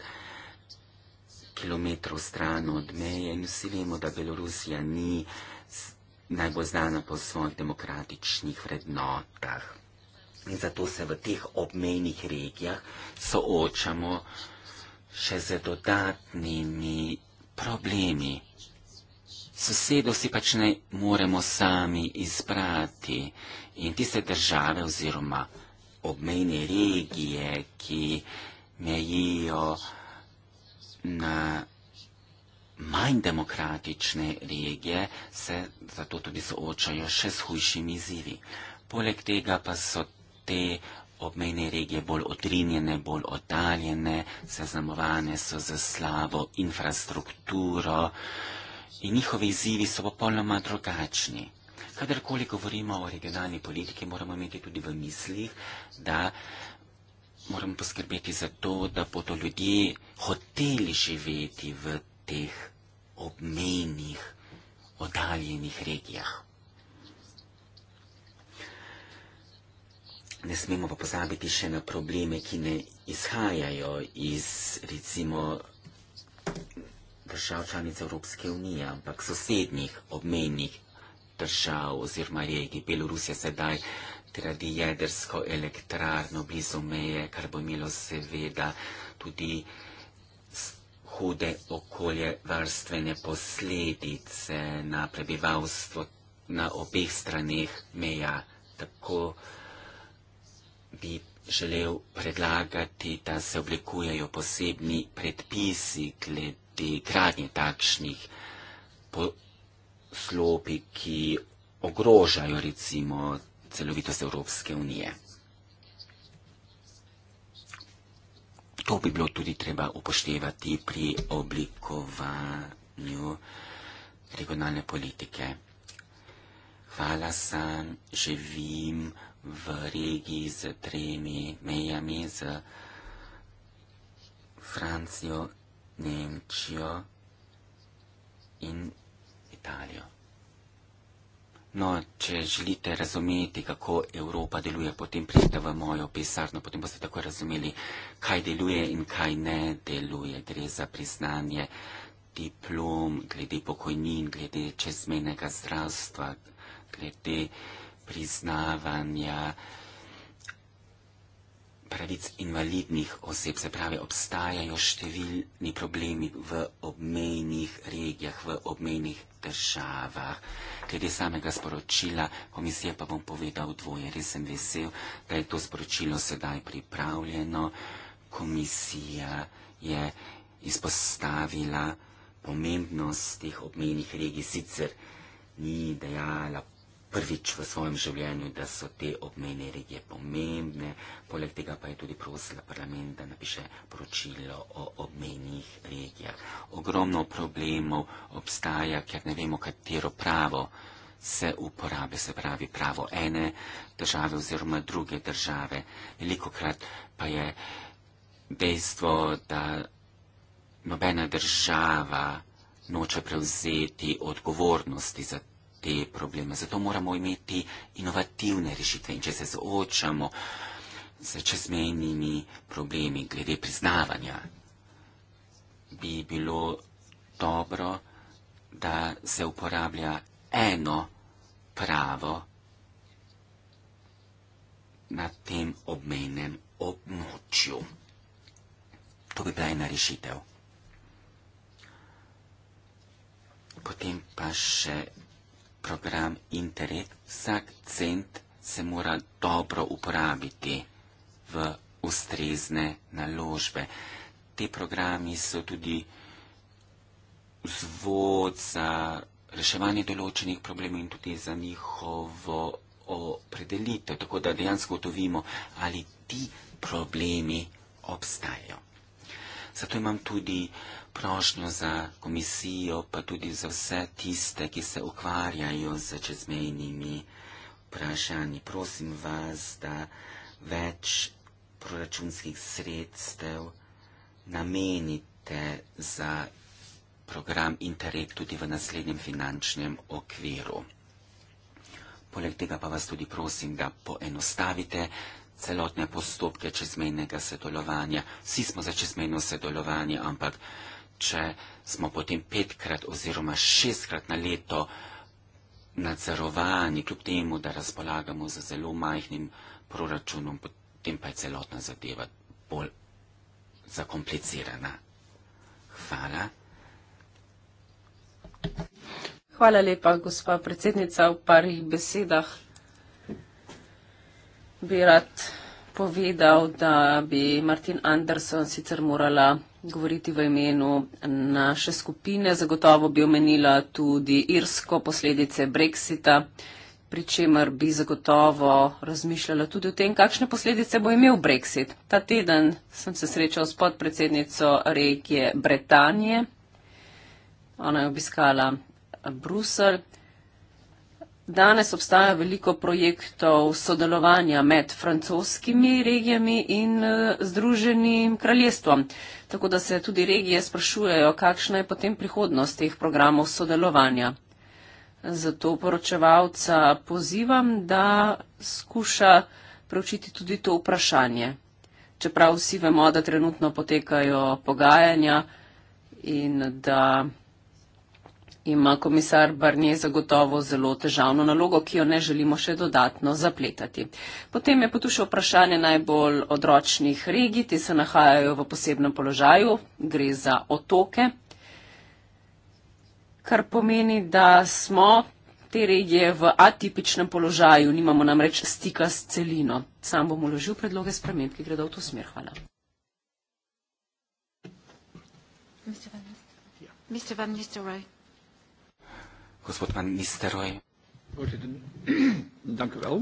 km stran od meje in vsi vemo, da Belorusija ni najbolj znana po svojih demokratičnih vrednotah. In zato se v teh obmejnih regijah soočamo še z dodatnimi problemi. Sosedo si pač ne moremo sami izbrati in tiste države oziroma obmejne regije, ki mejijo na manj demokratične regije, se zato tudi soočajo še s hujšimi izzivi. Poleg tega pa so te obmejne regije bolj odrinjene, bolj oddaljene, zaznamovane so za slabo infrastrukturo in njihovi izzivi so popolnoma drugačni. Kadarkoli govorimo o regionalni politiki, moramo imeti tudi v mislih, da moramo poskrbeti za to, da bodo ljudje hoteli živeti v teh obmejnih, oddaljenih regijah. Ne smemo pa pozabiti še na probleme, ki ne izhajajo iz recimo držav članic Evropske unije, ampak sosednjih obmejnih držav oziroma regij. Belorusija sedaj tradi jedrsko elektrarno blizu meje, kar bo imelo seveda tudi hude okolje varstvene posledice na prebivalstvo na obeh straneh meja. Tako bi želel predlagati, da se oblikujejo posebni predpisi glede gradnje takšnih poslopi, ki ogrožajo recimo celovitost Evropske unije. To bi bilo tudi treba upoštevati pri oblikovanju regionalne politike. Hvala sam, živim v regiji z tremi mejami, z Francijo, Nemčijo in Italijo. No, če želite razumeti, kako Evropa deluje, potem pridite v mojo pisarno, potem boste tako razumeli, kaj deluje in kaj ne deluje. Gre za priznanje diplom, glede pokojnin, glede čezmenega zdravstva, glede priznavanja pravic invalidnih oseb. Se pravi, obstajajo številni problemi v obmejnih regijah, v obmejnih državah. Glede samega sporočila komisije pa bom povedal dvoje. Res sem vesel, da je to sporočilo sedaj pripravljeno. Komisija je izpostavila pomembnost teh obmejnih regij, sicer ni dejala prvič v svojem življenju, da so te obmejne regije pomembne. Poleg tega pa je tudi prosila parlament, da napiše poročilo o obmejnih regijah. Ogromno problemov obstaja, ker ne vemo, katero pravo se uporabi, se pravi pravo ene države oziroma druge države. Veliko krat pa je dejstvo, da nobena država noče prevzeti odgovornosti za to, te probleme. Zato moramo imeti inovativne rešitve in če se soočamo z čezmenjimi problemi glede priznavanja, bi bilo dobro, da se uporablja eno pravo na tem obmejnem območju. To bi bila ena rešitev. Potem pa še program Interreg, vsak cent se mora dobro uporabiti v ustrezne naložbe. Te programi so tudi vzvod za reševanje določenih problemov in tudi za njihovo opredelitev, tako da dejansko gotovimo, ali ti problemi obstajajo. Zato imam tudi prošnjo za komisijo, pa tudi za vse tiste, ki se ukvarjajo z čezmejnimi vprašanji. Prosim vas, da več proračunskih sredstev namenite za program Interreg tudi v naslednjem finančnem okviru. Poleg tega pa vas tudi prosim, da poenostavite celotne postopke čezmejnega sodelovanja. Vsi smo za čezmejno sodelovanje, ampak če smo potem petkrat oziroma šestkrat na leto nadzorovani, kljub temu, da razpolagamo z zelo majhnim proračunom, potem pa je celotna zadeva bolj zakomplicirana. Hvala.
Hvala lepa, gospa predsednica. V parih besedah bi rad povedal, da bi Martin Anderson sicer morala govoriti v imenu naše skupine. Zagotovo bi omenila tudi irsko posledice Brexita, pri čemer bi zagotovo razmišljala tudi o tem, kakšne posledice bo imel Brexit. Ta teden sem se srečal s podpredsednico regije Bretanje. Ona je obiskala Bruselj. Danes obstaja veliko projektov sodelovanja med francoskimi regijami in eh, Združenim kraljestvom. Tako da se tudi regije sprašujejo, kakšna je potem prihodnost teh programov sodelovanja. Zato poročevalca pozivam, da skuša preučiti tudi to vprašanje. Čeprav vsi vemo, da trenutno potekajo pogajanja in da ima komisar Barnje zagotovo zelo težavno nalogo, ki jo ne želimo še dodatno zapletati. Potem je potušal vprašanje najbolj odročnih regij, ti se nahajajo v posebnem položaju, gre za otoke, kar pomeni, da smo te regije v atipičnem položaju, nimamo namreč stika s celino. Sam bom uložil predloge sprememb, ki gredo v to smer. Hvala.
Mr. Van Nistelrooy. Yeah. Mr. Van Nistelrooy.
Gospod minister Roj. Voorzitter, (clears throat) dank u wel.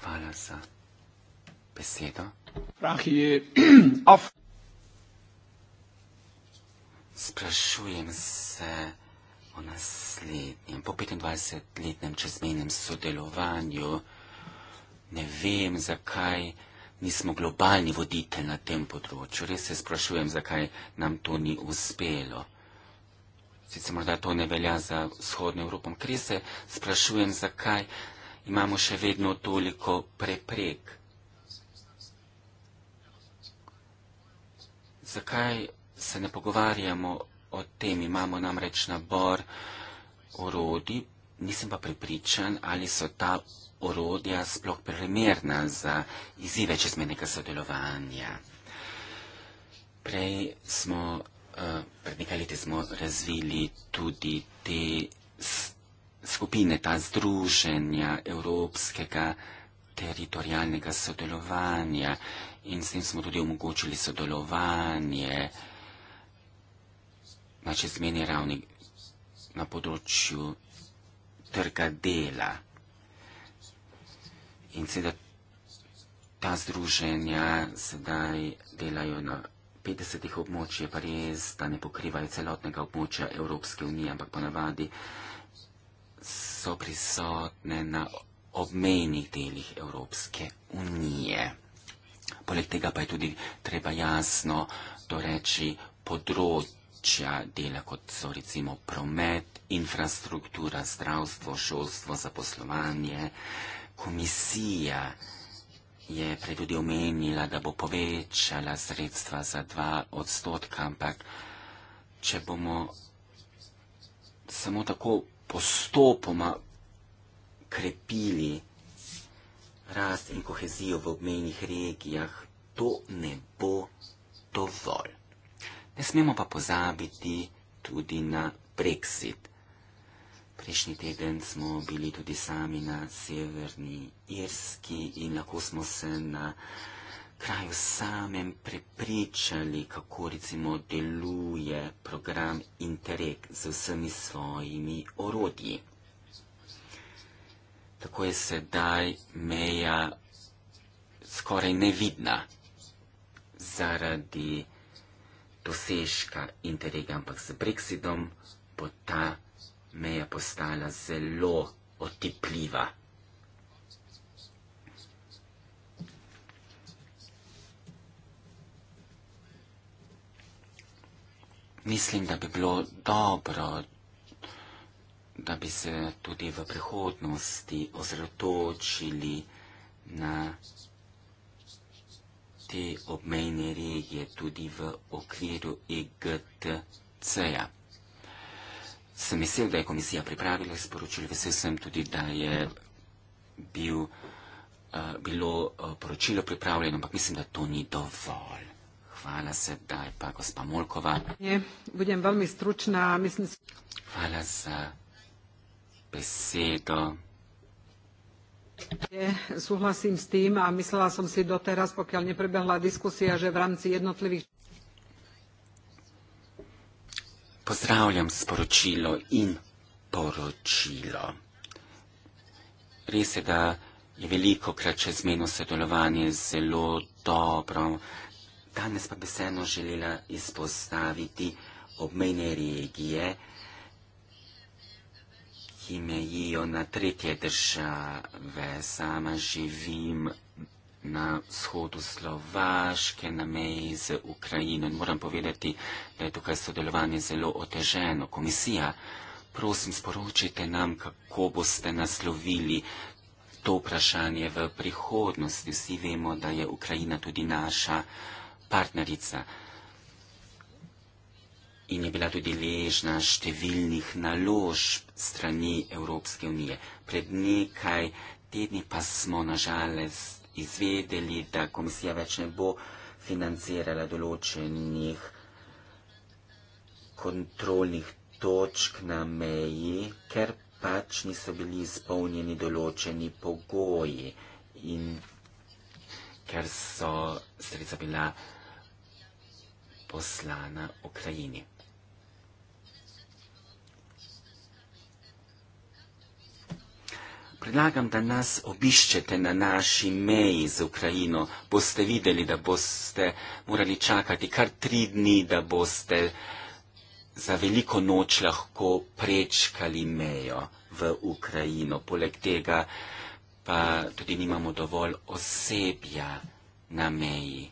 Hvala za besedo. Vraag je (clears throat) af. Sprašujem se o naslednjem. Po 25-letnem čezmenem sodelovanju ne vem, zakaj nismo globalni voditelj na tem področju. Res se sprašujem, zakaj nam to ni uspelo sicer morda to ne velja za vzhodno Evropo, ampak res se sprašujem, zakaj imamo še vedno toliko preprek. Zakaj se ne pogovarjamo o tem, imamo namreč nabor orodij, nisem pa prepričan, ali so ta orodja sploh primerna za izzive čezmenega sodelovanja. Prej smo Eh, pred nekaj leti smo razvili tudi te skupine, ta združenja evropskega teritorijalnega sodelovanja in s tem smo tudi omogočili sodelovanje na čezmeni ravni na področju trga dela. In seveda ta združenja sedaj delajo na 50 območij, pa res, da ne pokrivajo celotnega območja Evropske unije, ampak ponavadi so prisotne na obmejnih delih Evropske unije. Poleg tega pa je tudi treba jasno doreči področja dela, kot so recimo promet, infrastruktura, zdravstvo, šolstvo, zaposlovanje, komisija, je predudi omenila, da bo povečala sredstva za dva odstotka, ampak če bomo samo tako postopoma krepili rast in kohezijo v obmejnih regijah, to ne bo dovolj. Ne smemo pa pozabiti tudi na Brexit. Prejšnji teden smo bili tudi sami na severni Irski in lahko smo se na kraju samem prepričali, kako recimo deluje program Interreg z vsemi svojimi orodji. Tako je sedaj meja skoraj nevidna zaradi dosežka Interrega, ampak z Brexitom bo ta meja me je postala zelo otepljiva. Mislim, da bi bilo dobro, da bi se tudi v prihodnosti ozrotočili na te obmejne regije tudi v okviru IGTC-ja sem vesel, da je komisija pripravila izporočilo. Vesel sem tudi, da je bil, uh, bilo uh, poročilo pripravljeno, ampak mislim, da to ni dovolj. Hvala se, da je pa gospa Molkova.
Budem veľmi stručna. Mislim...
Hvala za besedo.
Je, súhlasím s tým a myslela som si doteraz, pokiaľ neprebehla diskusia, že v rámci jednotlivých.
pozdravljam sporočilo in poročilo. Res je, da je veliko krat čezmeno sodelovanje zelo dobro. Danes pa bi se eno želela izpostaviti obmejne regije, ki mejijo na tretje države. Sama živim na vzhodu Slovaške, na meji z Ukrajino. In moram povedati, da je tukaj sodelovanje zelo oteženo. Komisija, prosim, sporočite nam, kako boste naslovili to vprašanje v prihodnosti. Vsi vemo, da je Ukrajina tudi naša partnerica in je bila tudi ležna številnih naložb strani Evropske unije. Pred nekaj tedni pa smo nažalost izvedeli, da komisija več ne bo financirala določenih kontrolnih točk na meji, ker pač niso bili izpolnjeni določeni pogoji in ker so sredstva bila poslana Ukrajini. Predlagam, da nas obiščete na naši meji z Ukrajino. Boste videli, da boste morali čakati kar tri dni, da boste za veliko noč lahko prečkali mejo v Ukrajino. Poleg tega pa tudi nimamo dovolj osebja na meji.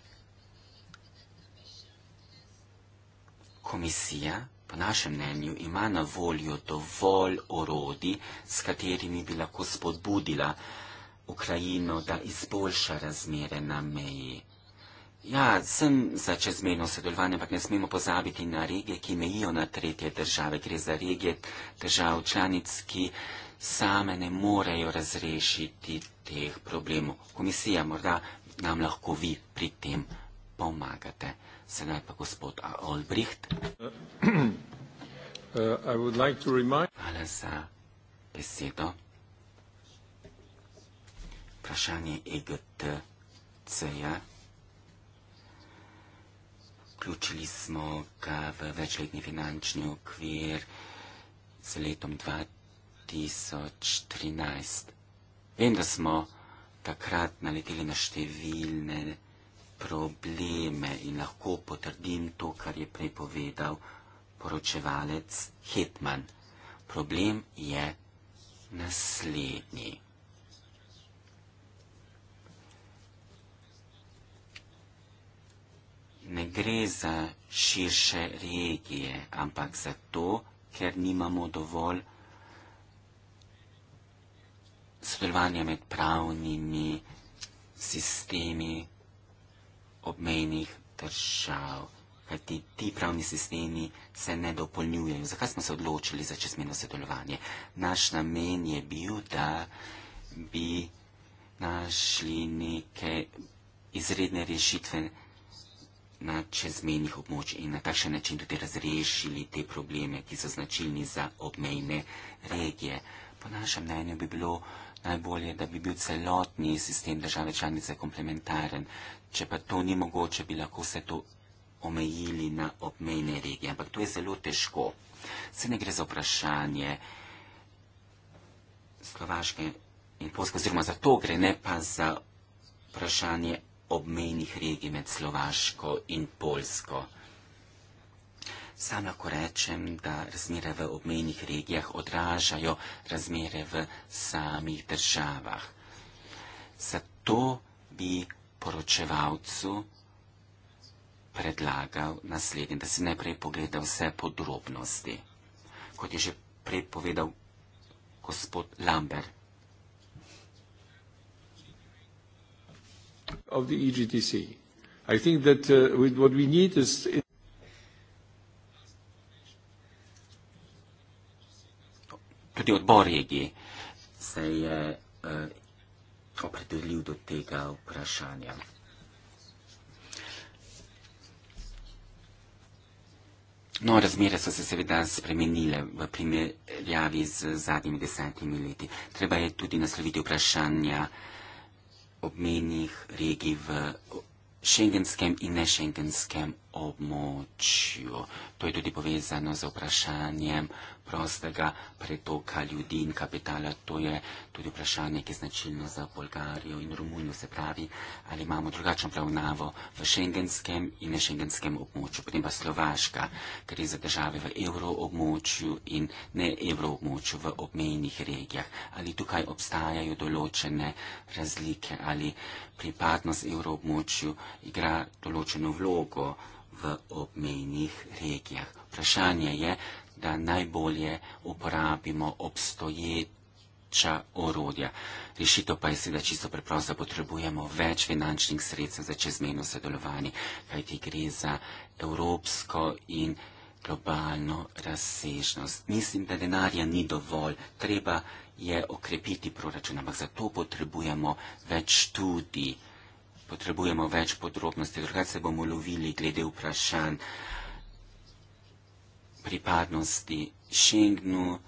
Komisija po našem mnenju ima na voljo dovolj orodi, s katerimi bi lahko spodbudila Ukrajino, da izboljša razmere na meji. Ja, sem za čezmeno sodelovanje, ampak ne smemo pozabiti na regije, ki mejijo na tretje države. Gre za regije držav članic, ki same ne morejo razrešiti teh problemov. Komisija morda nam lahko vi pri tem pomagate. Sedaj pa gospod Olbricht. Uh, Hvala za besedo. Vprašanje EGTC-ja. Vključili smo ga v večletni finančni okvir z letom 2013. Vem, da smo takrat naleteli na številne težave probleme in lahko potrdim to, kar je prej povedal poročevalec Hetman. Problem je naslednji. Ne gre za širše regije, ampak zato, ker nimamo dovolj sodelovanja med pravnimi sistemi, obmejnih držav. Kajti ti pravni sistemi se ne dopolnjujejo. Zakaj smo se odločili za čezmeno sodelovanje? Naš namen je bil, da bi našli neke izredne rešitve na čezmenih območjih in na takšen način tudi razrešili te probleme, ki so značilni za obmejne regije. Po našem mnenju bi bilo najbolje, da bi bil celotni sistem države članice komplementaren. Če pa to ni mogoče, bi lahko vse to omejili na obmejne regije. Ampak to je zelo težko. Se ne gre za vprašanje Slovaške in Polske, oziroma za to gre, ne pa za vprašanje obmejnih regij med Slovaško in Polsko. Sam lahko rečem, da razmere v obmejnih regijah odražajo razmere v samih državah. Zato bi poročevalcu predlagal naslednje, da si najprej pogleda vse podrobnosti. Kot je že prej povedal gospod Lambert.
Of the EGTC. I think that uh, with what we need is.
tudi odbor regije se je uh, opredelil do tega vprašanja. No, razmere so se seveda spremenile v primerjavi z zadnjimi desetimi leti. Treba je tudi nasloviti vprašanja obmenjih regij v šengenskem in nešengenskem območju. To je tudi povezano z vprašanjem prostega pretoka ljudi in kapitala. To je tudi vprašanje, ki je značilno za Bolgarijo in Romunijo. Se pravi, ali imamo drugačno pravnavo v šengenskem in nešengenskem območju. Potem pa Slovaška, ker je za države v evroobmočju in ne evroobmočju v obmejnih regijah. Ali tukaj obstajajo določene razlike ali pripadnost evroobmočju igra določeno vlogo v obmejnih regijah. Vprašanje je, da najbolje uporabimo obstoječa orodja. Rešitev pa je seveda čisto preprosta, potrebujemo več finančnih sredstev za čezmejno sodelovanje, kajti gre za evropsko in globalno razsežnost. Mislim, da denarja ni dovolj, treba je okrepiti proračun, ampak zato potrebujemo več študij potrebujemo več podrobnosti, drugače se bomo lovili glede vprašanj pripadnosti Schengnu,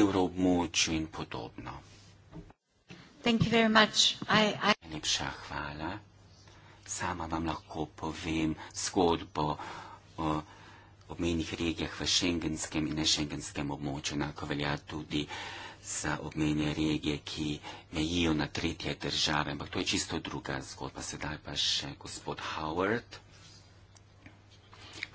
evroobmočju in podobno. Najlepša I... hvala. Sama vam lahko povem zgodbo o obmejnih regijah v šengenskem in nešengenskem območju, enako velja tudi uh, za obmejne regije, ki mejijo na tretje države. Ampak to je čisto druga zgodba. Sedaj pa še gospod Howard.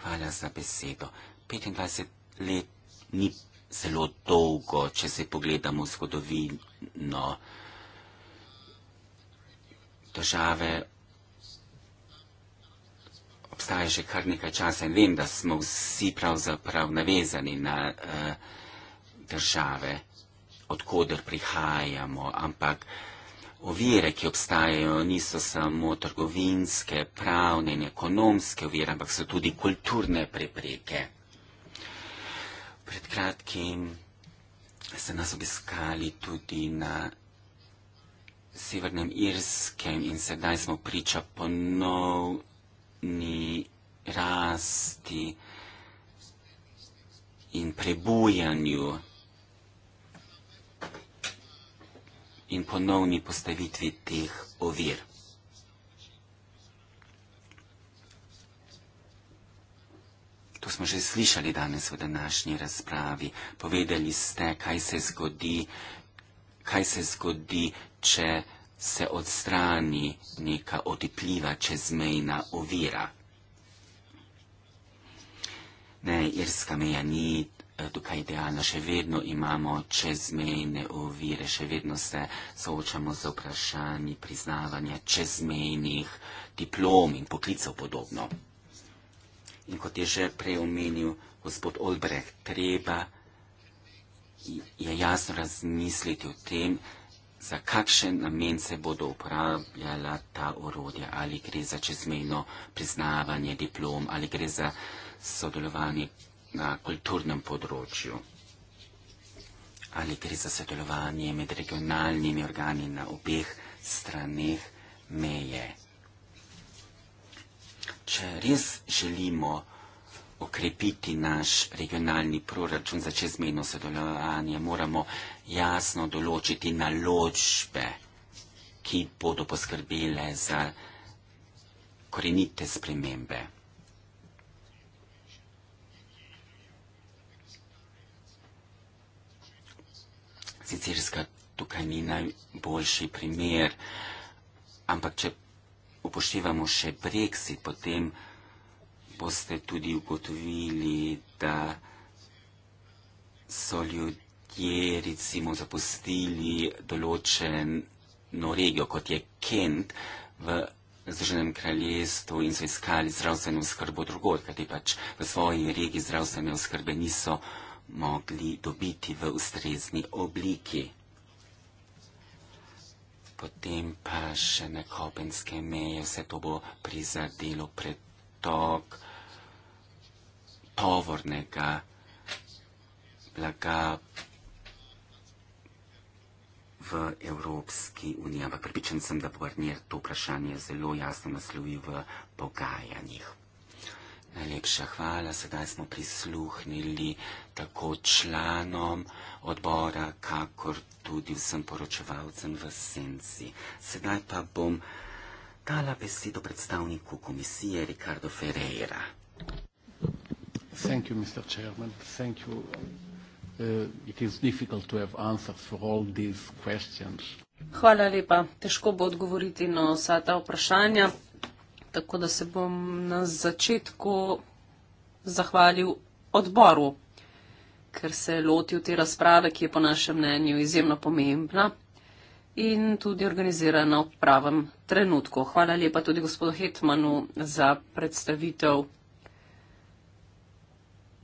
Hvala za besedo. 25 let ni zelo dolgo, če se pogledamo zgodovino države. Obstaja že kar nekaj časa in vem, da smo vsi pravzaprav navezani na uh, države odkuder prihajamo, ampak ovire, ki obstajajo, niso samo trgovinske, pravne in ekonomske ovire, ampak so tudi kulturne prepreke. Pred kratkim so nas obiskali tudi na Severnem Irskem in sedaj smo priča ponovni rasti in prebujanju in ponovni postavitvi teh ovir. To smo že slišali danes v današnji razpravi. Povedali ste, kaj se zgodi, kaj se zgodi če se odstrani neka otipljiva čezmejna ovira. Ne, irska meja ni Eh, tukaj dejansko še vedno imamo čezmejne ovire, še vedno se soočamo z vprašanji priznavanja čezmejnih diplom in poklicev podobno. In kot je že prej omenil gospod Olbrecht, treba je jasno razmisliti o tem, za kakšen namen se bodo uporabljala ta orodja, ali gre za čezmejno priznavanje diplom, ali gre za sodelovanje na kulturnem področju. Ali gre za sodelovanje med regionalnimi organi na obeh straneh meje? Če res želimo okrepiti naš regionalni proračun za čezmejno sodelovanje, moramo jasno določiti naložbe, ki bodo poskrbele za korenite spremembe. sicer ga tukaj ni najboljši primer, ampak če upoštevamo še Brexit, potem boste tudi ugotovili, da so ljudje recimo zapustili določeno regijo, kot je Kent v Združenem kraljestvu in so iskali zdravstveno oskrbo drugod, kajti pač v svoji regiji zdravstvene oskrbe niso mogli dobiti v ustrezni obliki. Potem pa še na kopenske meje, vse to bo prizadelo pretok tovornega blaga v Evropski uniji. Ampak pripričan sem, da bo Arnir to vprašanje zelo jasno naslovil v pogajanjih. Najlepša hvala. Sedaj smo prisluhnili tako članom odbora, kakor tudi vsem poročevalcem v senci. Sedaj pa bom dala besedo predstavniku komisije Ricardo Ferreira.
Uh,
hvala lepa. Težko bo odgovoriti na vsa ta vprašanja tako da se bom na začetku zahvalil odboru, ker se je lotil te razprave, ki je po našem mnenju izjemno pomembna in tudi organizirana v pravem trenutku. Hvala lepa tudi gospodu Hetmanu za predstavitev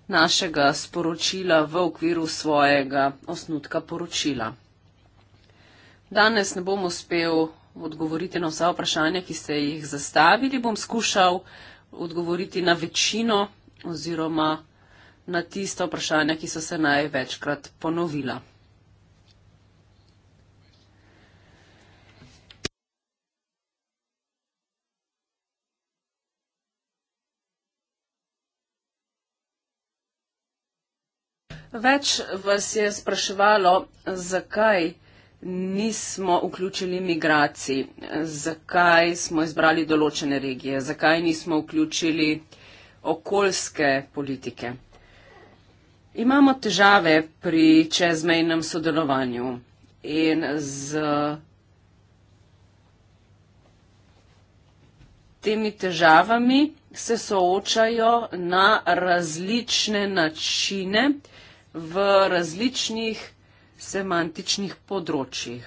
našega sporočila v okviru svojega osnutka poročila. Danes ne bom uspel odgovorite na vsa vprašanja, ki ste jih zastavili. Bom skušal odgovoriti na večino oziroma na tista vprašanja, ki so se največkrat ponovila. Več vas je spraševalo, zakaj nismo vključili migracij, zakaj smo izbrali določene regije, zakaj nismo vključili okoljske politike. Imamo težave pri čezmejnem sodelovanju in z temi težavami se soočajo na različne načine v različnih semantičnih področjih.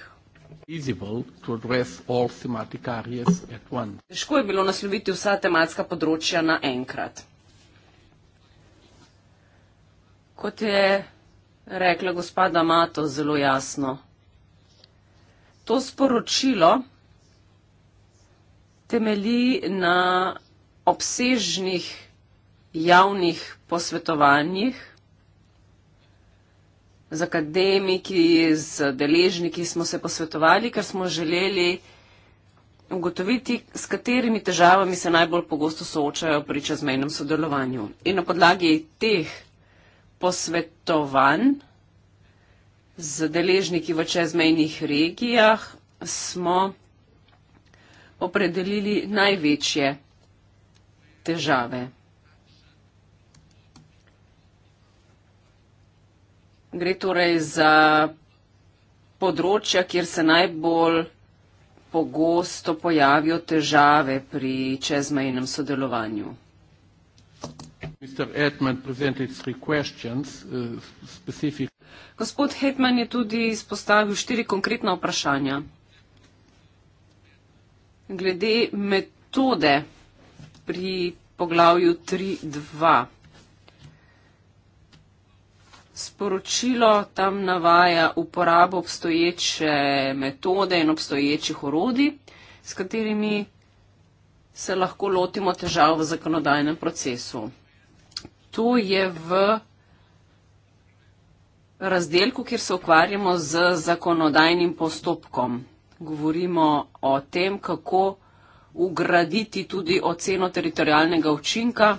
Težko je bilo nasloviti vsa tematska področja naenkrat. Kot je rekla gospa Damato zelo jasno, to sporočilo temelji na obsežnih javnih posvetovanjih, z akademiki, z deležniki smo se posvetovali, ker smo želeli ugotoviti, s katerimi težavami se najbolj pogosto soočajo pri čezmejnem sodelovanju. In na podlagi teh posvetovanj z deležniki v čezmejnih regijah smo opredelili največje težave. Gre torej za področja, kjer se najbolj pogosto pojavijo težave pri čezmejnem sodelovanju.
Edman, uh,
Gospod Hetman je tudi izpostavil štiri konkretna vprašanja. Glede metode pri poglavju 3.2 sporočilo tam navaja uporabo obstoječe metode in obstoječih orodij, s katerimi se lahko lotimo težav v zakonodajnem procesu. To je v razdelku, kjer se ukvarjamo z zakonodajnim postopkom. Govorimo o tem, kako ugraditi tudi oceno teritorijalnega učinka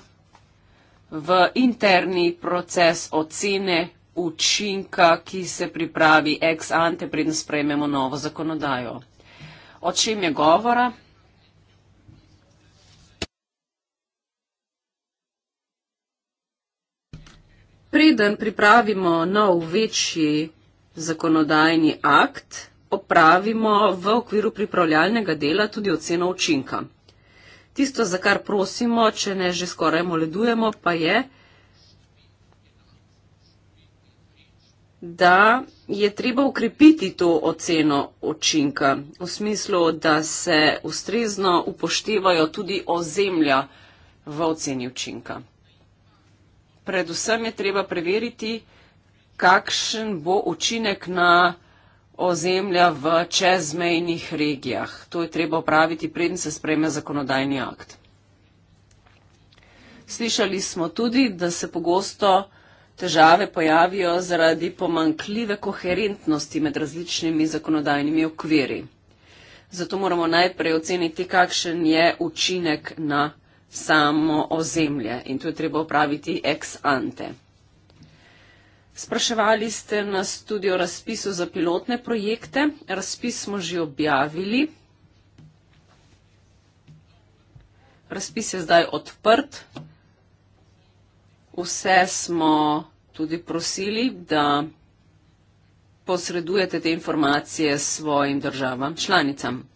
v interni proces ocene učinka, ki se pripravi ex ante, preden sprejmemo novo zakonodajo. O čem je govora? Preden pripravimo nov večji zakonodajni akt, opravimo v okviru pripravljalnega dela tudi oceno učinka. Tisto, za kar prosimo, če ne že skoraj moledujemo, pa je, da je treba ukrepiti to oceno očinka v smislu, da se ustrezno upoštevajo tudi ozemlja v oceni učinka. Predvsem je treba preveriti, kakšen bo učinek na ozemlja v čezmejnih regijah. To je treba upraviti, preden se spreme zakonodajni akt. Slišali smo tudi, da se pogosto težave pojavijo zaradi pomankljive koherentnosti med različnimi zakonodajnimi okviri. Zato moramo najprej oceniti, kakšen je učinek na samo ozemlje in to je treba upraviti ex ante. Spraševali ste nas tudi o razpisu za pilotne projekte. Razpis smo že objavili. Razpis je zdaj odprt. Vse smo tudi prosili, da posredujete te informacije svojim državam članicam.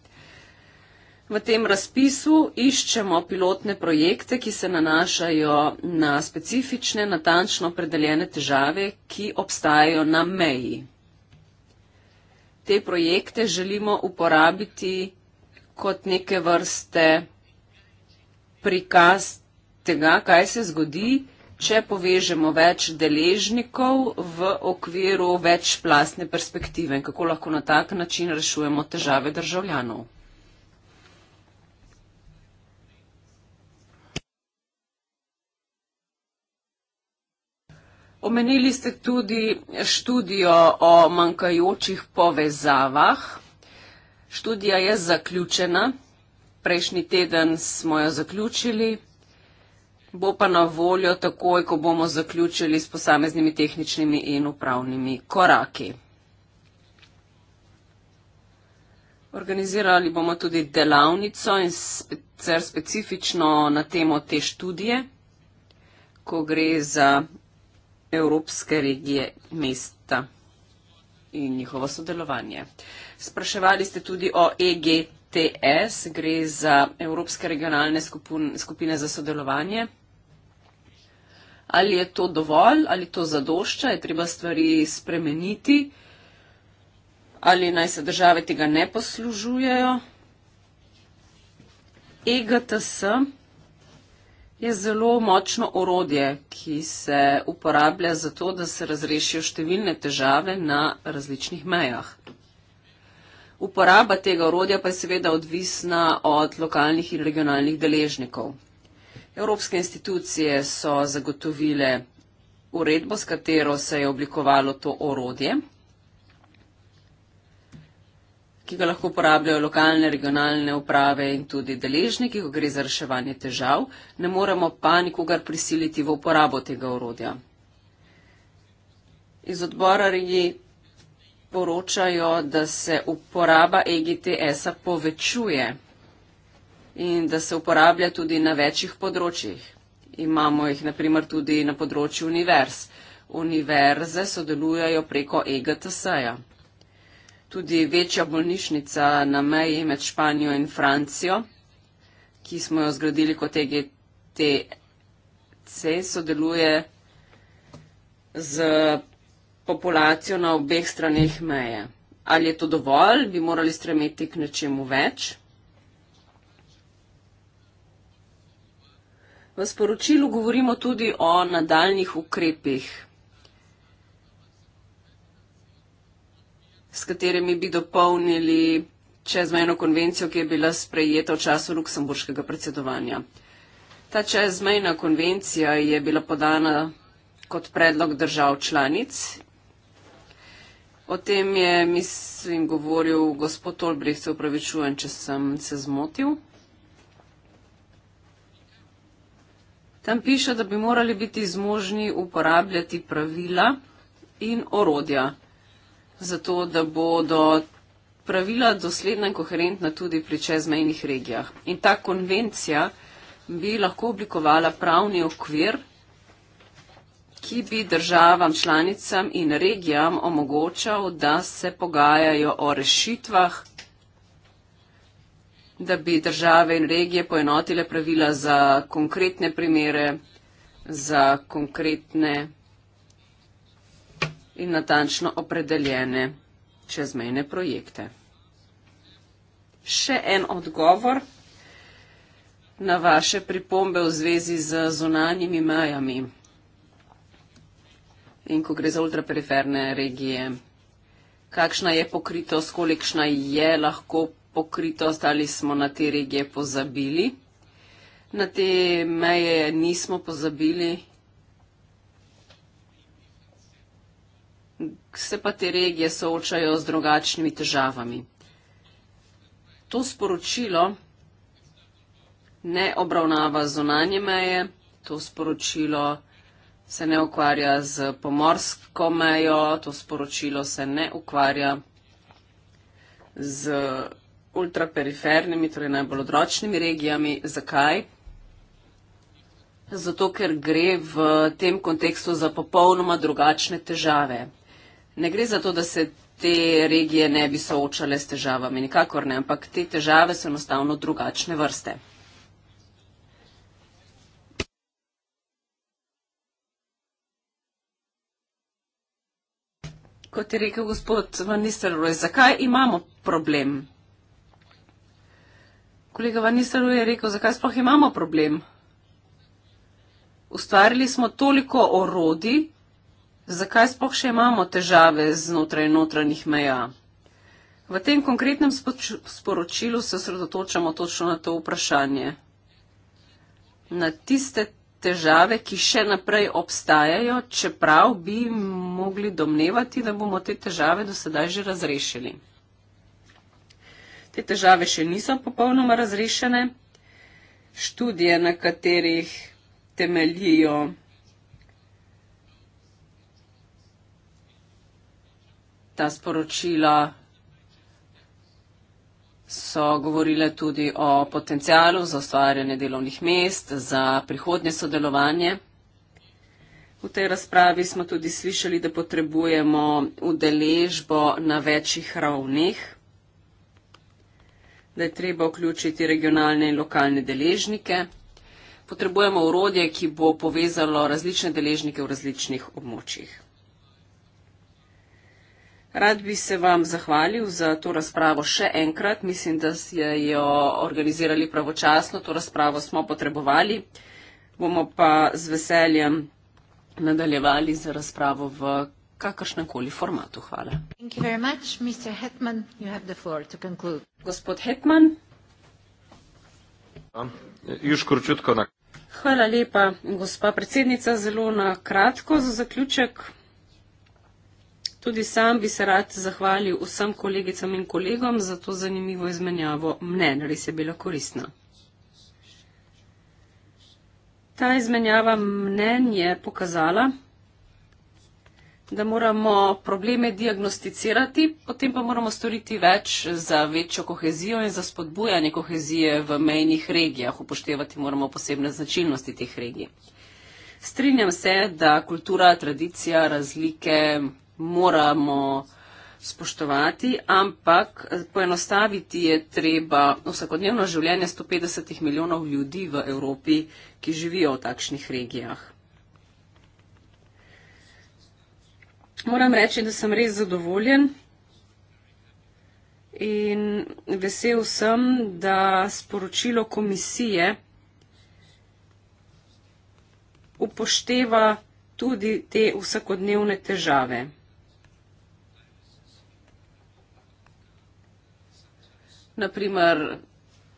V tem razpisu iščemo pilotne projekte, ki se nanašajo na specifične, natančno opredeljene težave, ki obstajajo na meji. Te projekte želimo uporabiti kot neke vrste prikaz tega, kaj se zgodi, če povežemo več deležnikov v okviru večplastne perspektive in kako lahko na tak način rešujemo težave državljanov. Omenili ste tudi študijo o manjkajočih povezavah. Študija je zaključena. Prejšnji teden smo jo zaključili. Bo pa na voljo takoj, ko bomo zaključili s posameznimi tehničnimi in upravnimi koraki. Organizirali bomo tudi delavnico in sicer specifično na temo te študije, ko gre za Evropske regije mesta in njihovo sodelovanje. Spraševali ste tudi o EGTS, gre za Evropske regionalne skupine za sodelovanje. Ali je to dovolj, ali to zadošča, je treba stvari spremeniti, ali naj se države tega ne poslužujejo. EGTS je zelo močno orodje, ki se uporablja za to, da se razrešijo številne težave na različnih mejah. Uporaba tega orodja pa je seveda odvisna od lokalnih in regionalnih deležnikov. Evropske institucije so zagotovile uredbo, s katero se je oblikovalo to orodje ki ga lahko uporabljajo lokalne, regionalne uprave in tudi deležniki, ko gre za reševanje težav, ne moremo pa nikogar prisiliti v uporabo tega orodja. Iz odbora regi poročajo, da se uporaba EGTS-a povečuje in da se uporablja tudi na večjih področjih. Imamo jih naprimer tudi na področju univerz. Univerze sodelujajo preko EGTS-a tudi večja bolnišnica na meji med Španijo in Francijo, ki smo jo zgradili kot EGTC, sodeluje z populacijo na obeh straneh meje. Ali je to dovolj, bi morali stremeti k nečemu več? V sporočilu govorimo tudi o nadaljnih ukrepih. s katerimi bi dopolnili čezmejno konvencijo, ki je bila sprejeta v času luksemburškega predsedovanja. Ta čezmejna konvencija je bila podana kot predlog držav članic. O tem je, mislim, govoril gospod Olbrih, se upravičujem, če sem se zmotil. Tam piše, da bi morali biti zmožni uporabljati pravila in orodja zato, da bodo pravila dosledna in koherentna tudi pri čezmejnih regijah. In ta konvencija bi lahko oblikovala pravni okvir, ki bi državam, članicam in regijam omogočal, da se pogajajo o rešitvah, da bi države in regije poenotile pravila za konkretne primere, za konkretne in natančno opredeljene čezmejne projekte. Še en odgovor na vaše pripombe v zvezi z zunanjimi majami in ko gre za ultraperiferne regije. Kakšna je pokritost, kolikšna je lahko pokritost ali smo na te regije pozabili? Na te meje nismo pozabili, se pa te regije soočajo z drugačnimi težavami. To sporočilo ne obravnava zunanje meje, to sporočilo se ne ukvarja z pomorsko mejo, to sporočilo se ne ukvarja z ultraperifernimi, torej najbolj odročnimi regijami. Zakaj? Zato, ker gre v tem kontekstu za popolnoma drugačne težave. Ne gre za to, da se te regije ne bi soočale s težavami, nikakor ne, ampak te težave so enostavno drugačne vrste. Kot je rekel gospod Van Nistelrooy, zakaj imamo problem? Kolega Van Nistelrooy je rekel, zakaj sploh imamo problem? Ustvarili smo toliko orodij, zakaj spoh še imamo težave znotraj notranjih meja. V tem konkretnem sporočilu se osredotočamo točno na to vprašanje. Na tiste težave, ki še naprej obstajajo, čeprav bi mogli domnevati, da bomo te težave do sedaj že razrešili. Te težave še niso popolnoma razrešene. Študije, na katerih temeljijo ta sporočila so govorile tudi o potencijalu za ustvarjanje delovnih mest, za prihodnje sodelovanje. V tej razpravi smo tudi slišali, da potrebujemo udeležbo na večjih ravneh, da je treba vključiti regionalne in lokalne deležnike. Potrebujemo urodje, ki bo povezalo različne deležnike v različnih območjih. Rad bi se vam zahvalil za to razpravo še enkrat. Mislim, da ste jo organizirali pravočasno, to razpravo smo potrebovali. Bomo pa z veseljem nadaljevali z razpravo v kakršnemkoli formatu. Hvala. Hetman, Gospod Hetman. Hvala lepa, gospa predsednica. Zelo na kratko za zaključek. Tudi sam bi se rad zahvalil vsem kolegicam in kolegom za to zanimivo izmenjavo mnen, res je bila koristna. Ta izmenjava mnen je pokazala, da moramo probleme diagnosticirati, potem pa moramo storiti več za večjo kohezijo in za spodbujanje kohezije v mejnih regijah. Upoštevati moramo posebne značilnosti teh regij. Strinjam se, da kultura, tradicija, razlike, moramo spoštovati, ampak poenostaviti je treba vsakodnevno življenje 150 milijonov ljudi v Evropi, ki živijo v takšnih regijah.
Moram reči, da sem res
zadovoljen in vesel sem, da sporočilo komisije upošteva tudi te vsakodnevne težave. Naprimer,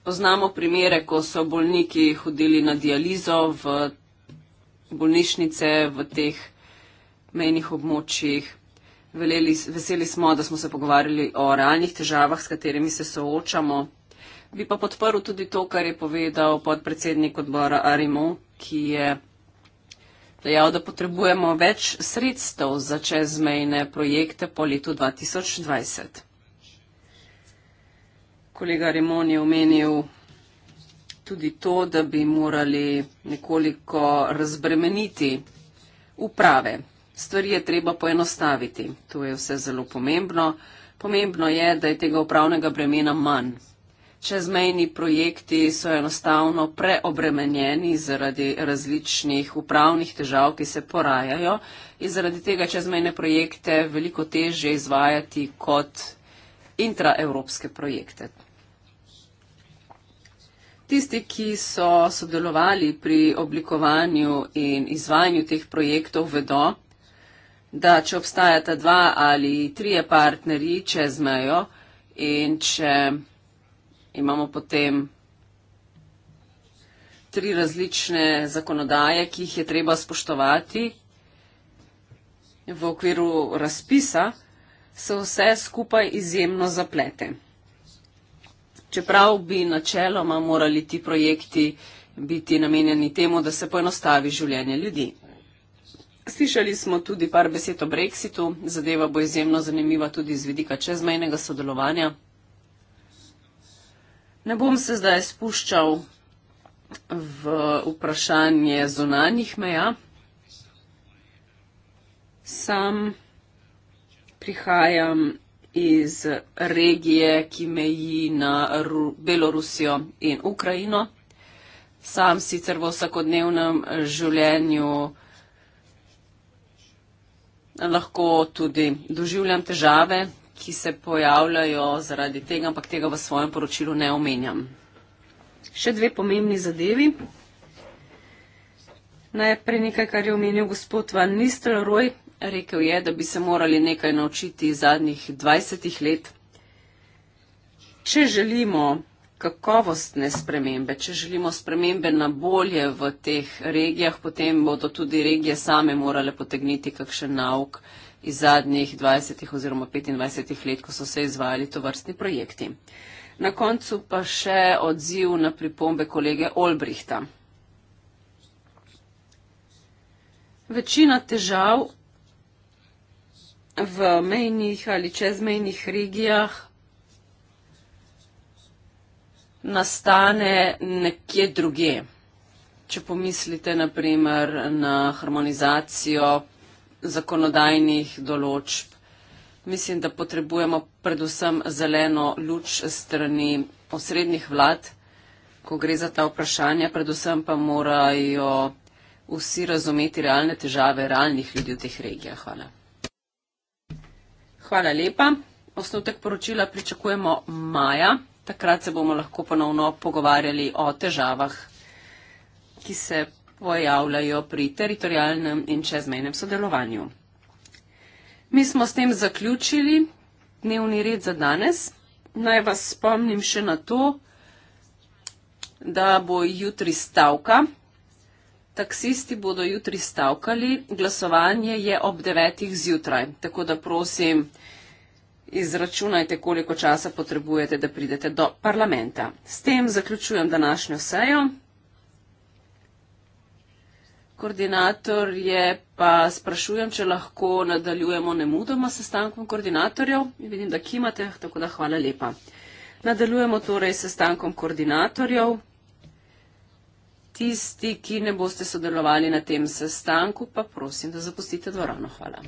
poznamo primere, ko so bolniki hodili na dializo v bolnišnice v teh mejnih območjih. Veleli, veseli smo, da smo se pogovarjali o realnih težavah, s katerimi se soočamo. Bi pa podprl tudi to, kar je povedal podpredsednik odbora Arimo, ki je dejal, da potrebujemo več sredstev za čezmejne projekte po letu 2020. Kolega Remon je omenil tudi to, da bi morali nekoliko razbremeniti uprave. Stvari je treba poenostaviti. To je vse zelo pomembno. Pomembno je, da je tega upravnega bremena manj. Čezmejni projekti so enostavno preobremenjeni zaradi različnih upravnih težav, ki se porajajo in zaradi tega čezmejne projekte veliko težje izvajati kot intraevropske projekte. Tisti, ki so sodelovali pri oblikovanju in izvajanju teh projektov, vedo, da če obstajata dva ali trije partnerji čez mejo in če imamo potem tri različne zakonodaje, ki jih je treba spoštovati v okviru razpisa, se vse skupaj izjemno zaplete čeprav bi načeloma morali ti projekti biti namenjeni temu, da se poenostavi življenje ljudi. Slišali smo tudi par besed o Brexitu, zadeva bo izjemno zanimiva tudi z vidika čezmejnega sodelovanja. Ne bom se zdaj spuščal v vprašanje zunanjih meja. Sam prihajam iz regije, ki meji na Ru Belorusijo in Ukrajino. Sam sicer v vsakodnevnem življenju lahko tudi doživljam težave, ki se pojavljajo zaradi tega, ampak tega v svojem poročilu ne omenjam. Še dve pomembni zadevi. Najprej nekaj, kar je omenil gospod Van Nistelrooy. Rekel je, da bi se morali nekaj naučiti zadnjih 20 let. Če želimo kakovostne spremembe, če želimo spremembe na bolje v teh regijah, potem bodo tudi regije same morale potegniti kakšen nauk iz zadnjih 20 oziroma 25 let, ko so se izvajali to vrstni projekti. Na koncu pa še odziv na pripombe kolege Olbrihta. Večina težav v mejnih ali čezmejnih regijah nastane nekje druge. Če pomislite naprimer na harmonizacijo zakonodajnih določb, mislim, da potrebujemo predvsem zeleno luč strani osrednjih vlad, ko gre za ta vprašanja, predvsem pa morajo vsi razumeti realne težave realnih ljudi v teh regijah. Hvala. Hvala lepa. Osnutek poročila pričakujemo maja. Takrat se bomo lahko ponovno pogovarjali o težavah, ki se pojavljajo pri teritorijalnem in čezmejnem sodelovanju. Mi smo s tem zaključili dnevni red za danes. Naj vas spomnim še na to, da bo jutri stavka Taksisti bodo jutri stavkali, glasovanje je ob 9. zjutraj, tako da prosim, izračunajte, koliko časa potrebujete, da pridete do parlamenta. S tem zaključujem današnjo sejo. Koordinator je pa sprašujem, če lahko nadaljujemo nemudoma s sestankom koordinatorjev. Vidim, da kimate, tako da hvala lepa. Nadaljujemo torej s sestankom koordinatorjev. Tisti, ki ne boste sodelovali na tem sestanku, pa prosim, da zapustite dvorano. Hvala.